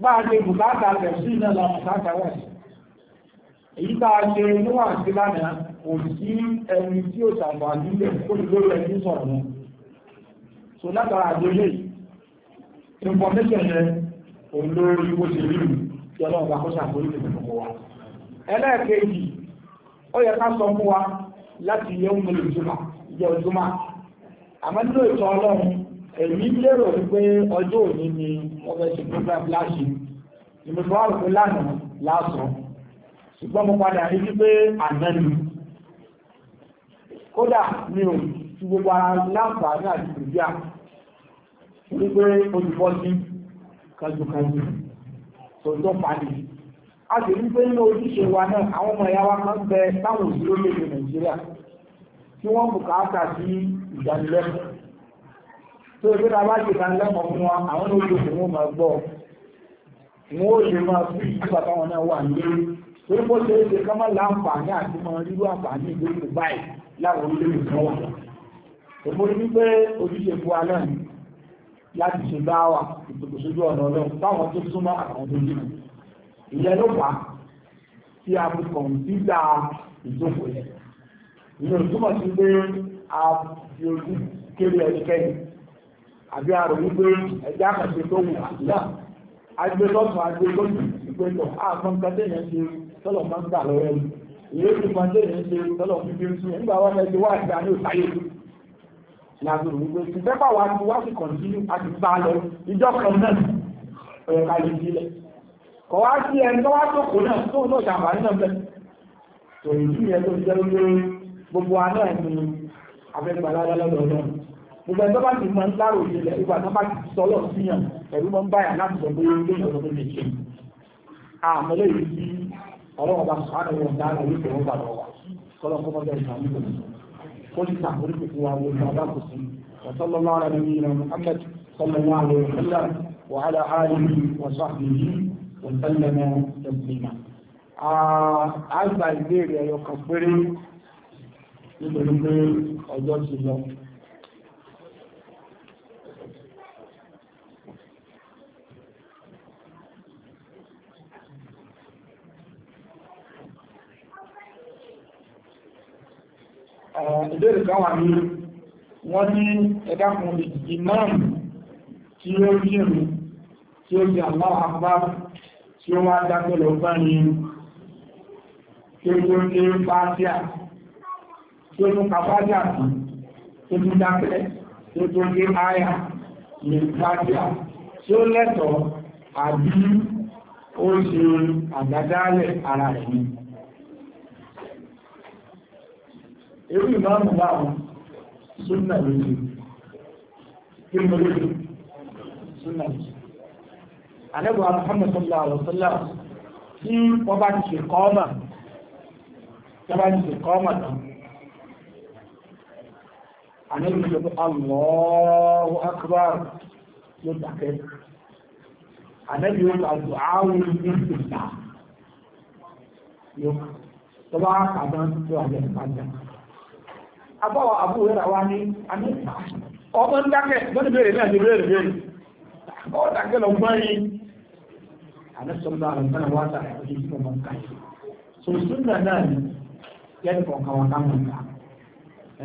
bá a ṣe bùkátà tẹ̀sí náà lọ bùkátà wọ̀nyí èyí tá a ṣe inú àti lánàá kò sí ẹni tí ó ṣàbà nílẹ̀ kó ní lórí ẹni sọ̀rọ̀ mọ́ so látara àdéhùn information yẹn òun lórí bó ṣe rí tí ọlọ́run bá kó ṣàkórí lè fún wa ẹlẹ́ẹ̀kejì ó yẹ ká sọ fún wa láti yẹ òun lè jùmọ̀ ìjọ ìjùmọ̀ àmọ́ nínú ìtọ́ ọlọ́run èmi lérò wípé ọjọ́ òní ni wọ́n fẹ́ ṣe program láṣìí ìmọ̀tò wà lópin lánàá lásán ṣùgbọ́n mo padà rí wípé àmẹ́lú kódà mi ò ti gbogbo ara láǹfààní àti ìgbìyà wípé olùbọ́ sí kanjúkanjú tó tó pàdé a sì rí pé nínú ojúṣe wa náà àwọn ọmọ ìyá wa kan bẹ táwọn òṣèré lèdè nàìjíríà tí wọ́n bùkátà sí ìdánilẹ́kọ̀ọ́ tó ìgbé ta bá ṣe ìdánilẹ́kọ̀ọ́ fún wa àwọn olóògbé wọn máa gbọ́ wọn ó lè máa fi ìgbà táwọn náà torí bó ṣe é ṣe kọ́ mọ́ láǹfààní àti mọ rírú àǹfààní ìgbésùn báyìí láwọn orílẹ̀-èdè kan wà. Òmórí wípé ojúṣe fún alẹ́ ni láti ṣe bá wà ìtòkòṣojú ọ̀nà ọlọ́run táwọn tó súnmọ́ àwọn tó jìnà. Ìyẹn ló fà á tí a fi kàn sí gba ìjókòó yẹn. Ìyẹn ò túmọ̀ sí pé a fi ojú kéré ẹnikẹ́ni. Àbí a rò wípé ẹja àkàṣe tó wù àdúrà. Agbésọ́tún agbésọ́tún ìpẹ́tọ̀ àgbọ̀ǹkan tẹ̀yẹ̀ ṣe tọ́lọ̀ máa ń gbà lọ́wọ́ ẹ̀rù ìwé tí máa ń tẹ̀lé ń ṣe tọ́lọ̀ fífi ń sún nígbà wọn ẹgbẹ́ wà ìgbà ní òtáyé làbùrù wípé ti fẹ́ pàwọn àti wá sí kọ̀ǹtínú àti bá lọ ìjọ kan náà ọ̀rọ̀ ká lè sílẹ̀ kọ̀ wá sí ẹni tó wá tókò náà tó ń lọ́ọ̀ṣà àbá náà bẹ́ẹ̀ tó ìdí yẹn tó jẹ́ wípé gbogbo wa náà ni afẹ́gbàlára lọ́dọ̀ náà gbogbo ẹgbẹ́ bá ti máa ń lárò ìṣẹ̀lẹ̀ ìgbà tó bá ti sọ́lọ̀ síyàn ẹ̀rú mọ́ ń báyà láti sọ pé ó ń gbé ìyọ̀rọ̀ tó lè ṣe àmọ́lẹ́ yìí ọlọ́wọ́ bá sọ́nà wọn dáná ní ìṣòro bá lọ́wọ́ kọ́lọ́ kọ́ bọ́dọ̀ ìsàmì lò ó ní sàkórí kò fún wa wo ní ọba kò sí وصلى الله على نبينا محمد صلى الله عليه وسلم وعلى آله وصحبه وسلم تسليما àgbà ìbéèrè ẹ̀yọ̀ kan péré nítorí pé ọjọ́ ti lọ ìbéèrè kan wà ní wọ́n ní ẹ̀dàkùn ìmáàmù tí ó rí ìrìn tí ó jẹ́ àwọn àpá tí ó wá dákẹ́lẹ̀ ọgbá ní tí ó tó ní fásíà tí ó tún kàfásíà sí tó tún dákẹ́ tí ó tó ní àyà ní fásíà tí ó lẹ́tọ̀ọ́ àbí ó ṣe àdádálẹ̀ ara rẹ̀ ni. Èrú ìmáàmù láàrùn súnnà lójú. Kí ni mo lójú? Súnnà lójú. Àlẹ́bùn Muhammad sallallahu alaihi wasallam tí wọ́n bá ti ṣe kọ́ọ̀mà, tí wọ́n bá ti ṣe kọ́ọ̀mà tán. Àlẹ́bùn ṣe Allahu akbar ló dàkẹ́. Àlẹ́bùn yóò ta àkàdán tó àjẹ́ ìpàdé abọ́wọ̀ àbúrò rẹ̀ wá ní àmì ọmọ ń dákẹ́ lọ́nà ìbéèrè náà ní ìbéèrè béèrè ọ dákẹ́ lọ gbọ́n yìí àdẹ́sọ̀rọ̀ àlùfáà wá sáà ẹ̀kọ́ tó mọ̀ nǹkan yìí so sunna náà ni yẹ́nì kọ̀ọ̀kan wà náà nǹkan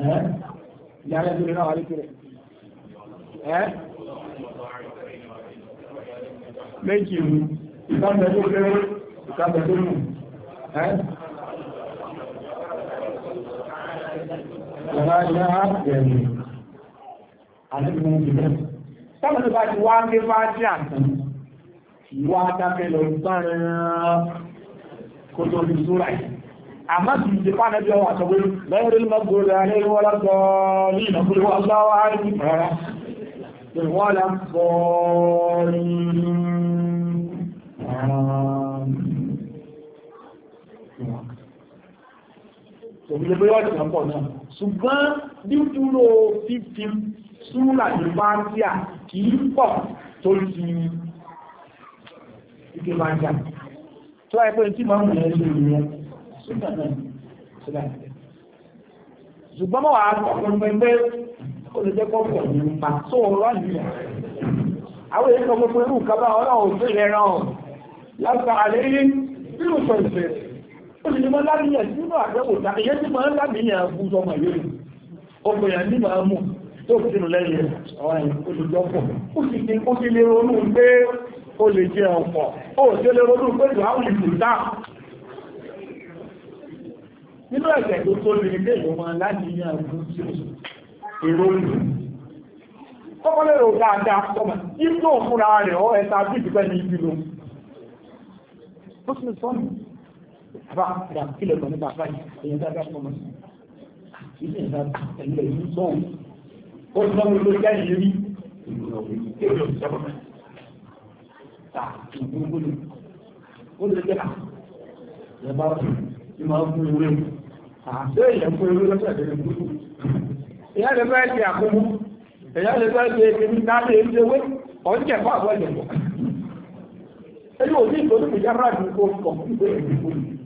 ẹ̀ yàrá ìbéèrè náà wà ní ìbéèrè ẹ̀ méjì ìlú ìkàmbẹ̀ tó kéré ìkàmbẹ̀ tó mù ẹ̀ ìbájá ẹ̀rù àdúgbò ìbílẹ̀. Sábà tó bá ti wá ní fáájì àtàn, ìwà adákẹ́ lọ sáàrán kó tó ní súra yìí. Àmá ti ṣe fáànà bí ọwà sọ̀gbé lẹ́yìn mọ́gbòrò àrẹ wọ́n lọ́gbọ́ ní ìnàkúrò aláwọ̀ àrùn rárá. Ìwọ́n lọ́gbọ́ ní àrùn. Òbílẹ̀ bí ṣùgbọ́n dídúró fífi súnlà ní báńtíà kì í pọ̀ tó ti ike báńtíà tó ẹgbẹ́ tí máa ń rẹ̀ lè rẹ̀ ṣùgbọ́n mọ́ wà á pọ̀ pẹ̀lú olùjẹ́kọ́ pọ̀ ní pa tó ọ̀rọ̀ yìí àwọn èèyàn sọ gbogbo irú kaba ọlọ́run tó ìrẹ́ràn lásán àlẹ́ yìí nínú pẹ̀lú ó sì ti mọ́ láníyàn nínú àgbẹ̀wò tàbíyẹ́ tí mọ́ láníyàn fún ọmọ ìwé ọgbẹ̀yàn ní máa mú tó fi sínú lẹ́yìn ọ̀rọ̀ olùjọ́pọ̀ ó sì ti kó sí lè ronú pé ó lè jẹ ọ̀pọ̀ ó sì lè ronú pé jù áwùn ìpùtà nínú ẹ̀sẹ̀ tó tó lè lè lọ máa láníyàn fún sí èrò ìlú kọ́kọ́lẹ̀ rò dáadáa sọ́mà tí tó fúnra rẹ̀ ọ ẹ̀ta bí ìpẹ́ ní ìbí lọ àbá àdá kílẹ̀ kan nípa àbá yìí èyàn dáadáa fún ọmọ ilé ìgbà ẹ̀lẹ́ yìí gbọ́n ó ti lọ́wọ́ lórí gáyì lérí ìgbòho ìjọba ta ìgbòho ó lè jẹ́ ìjọba ìmọ̀ ọkùnrin ìwé àti èyàn fún ewé lọ́sẹ̀ ìdẹ̀rẹ̀ gbòho ìyá lè fẹ́ ti àkómú ìyá lè fẹ́ ti èkémi dáadé ìdí ewé ọ̀jẹ̀ fún àbọ̀ ìjọba ẹni òní ìtòlùmí yára ní orúkọ ìgbé ìgbé ìgbé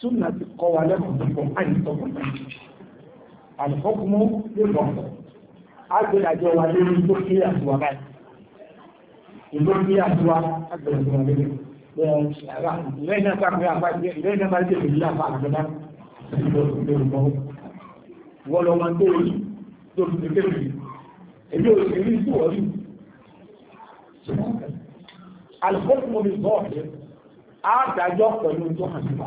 súnà ti kọ́ wa lẹ́kọ̀ọ́ púpọ̀ àìsọ̀kọ̀ àlùfọ́kùnmọ́ lè bọ̀ agbèdàjọ́ wa lórí tó kí àtiwá báyìí ìlú kí àtiwá agbèdàjọ́ wa lórí lẹ́yìn náà pàpẹ́ àpáyé lẹ́yìn náà pàpẹ́ ìlú àpá àgbẹ̀dá wọ́n lọ máa ń tóó yìí tó fi kékeré yìí èmi ò sì rí sí wọ́n yìí alùpùpù mi bọ́ọ̀lù àádájọ́ pẹ̀lú tó hàn nípa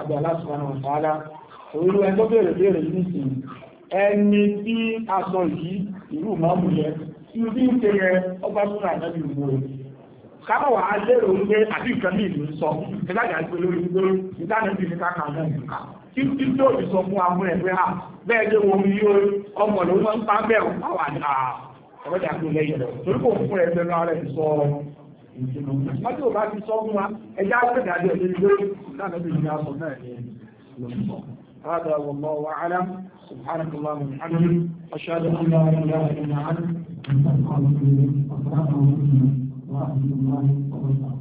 àbí aláṣùwárà wọn sáárá orúkọ ẹjọ́ bèèrè bèèrè yìí sí ẹni tí a sọ yìí ìlú ń ṣe yẹ ọgbà ìlú sọ ìdájà ìpè lórí wípé ní káàkà náà nìka tí tí tí ó ti fún amú ẹ̀ à bẹ́ẹ̀ lé wo yí ọmọ ló ń pa bẹ́ẹ̀ àwọn ọ̀rẹ́dà tó lẹ́yìn fún ẹgbẹ́ náà rẹ̀ sọ Mọ́tò bá ti sọ fún wa, ẹjá pẹ̀dàdé ọ̀lẹ́ هذا والله أعلم سبحانك اللهم وبحمدك أشهد أن لا إله إلا أنت أستغفرك وأتوب إليك ورحمة الله وبركاته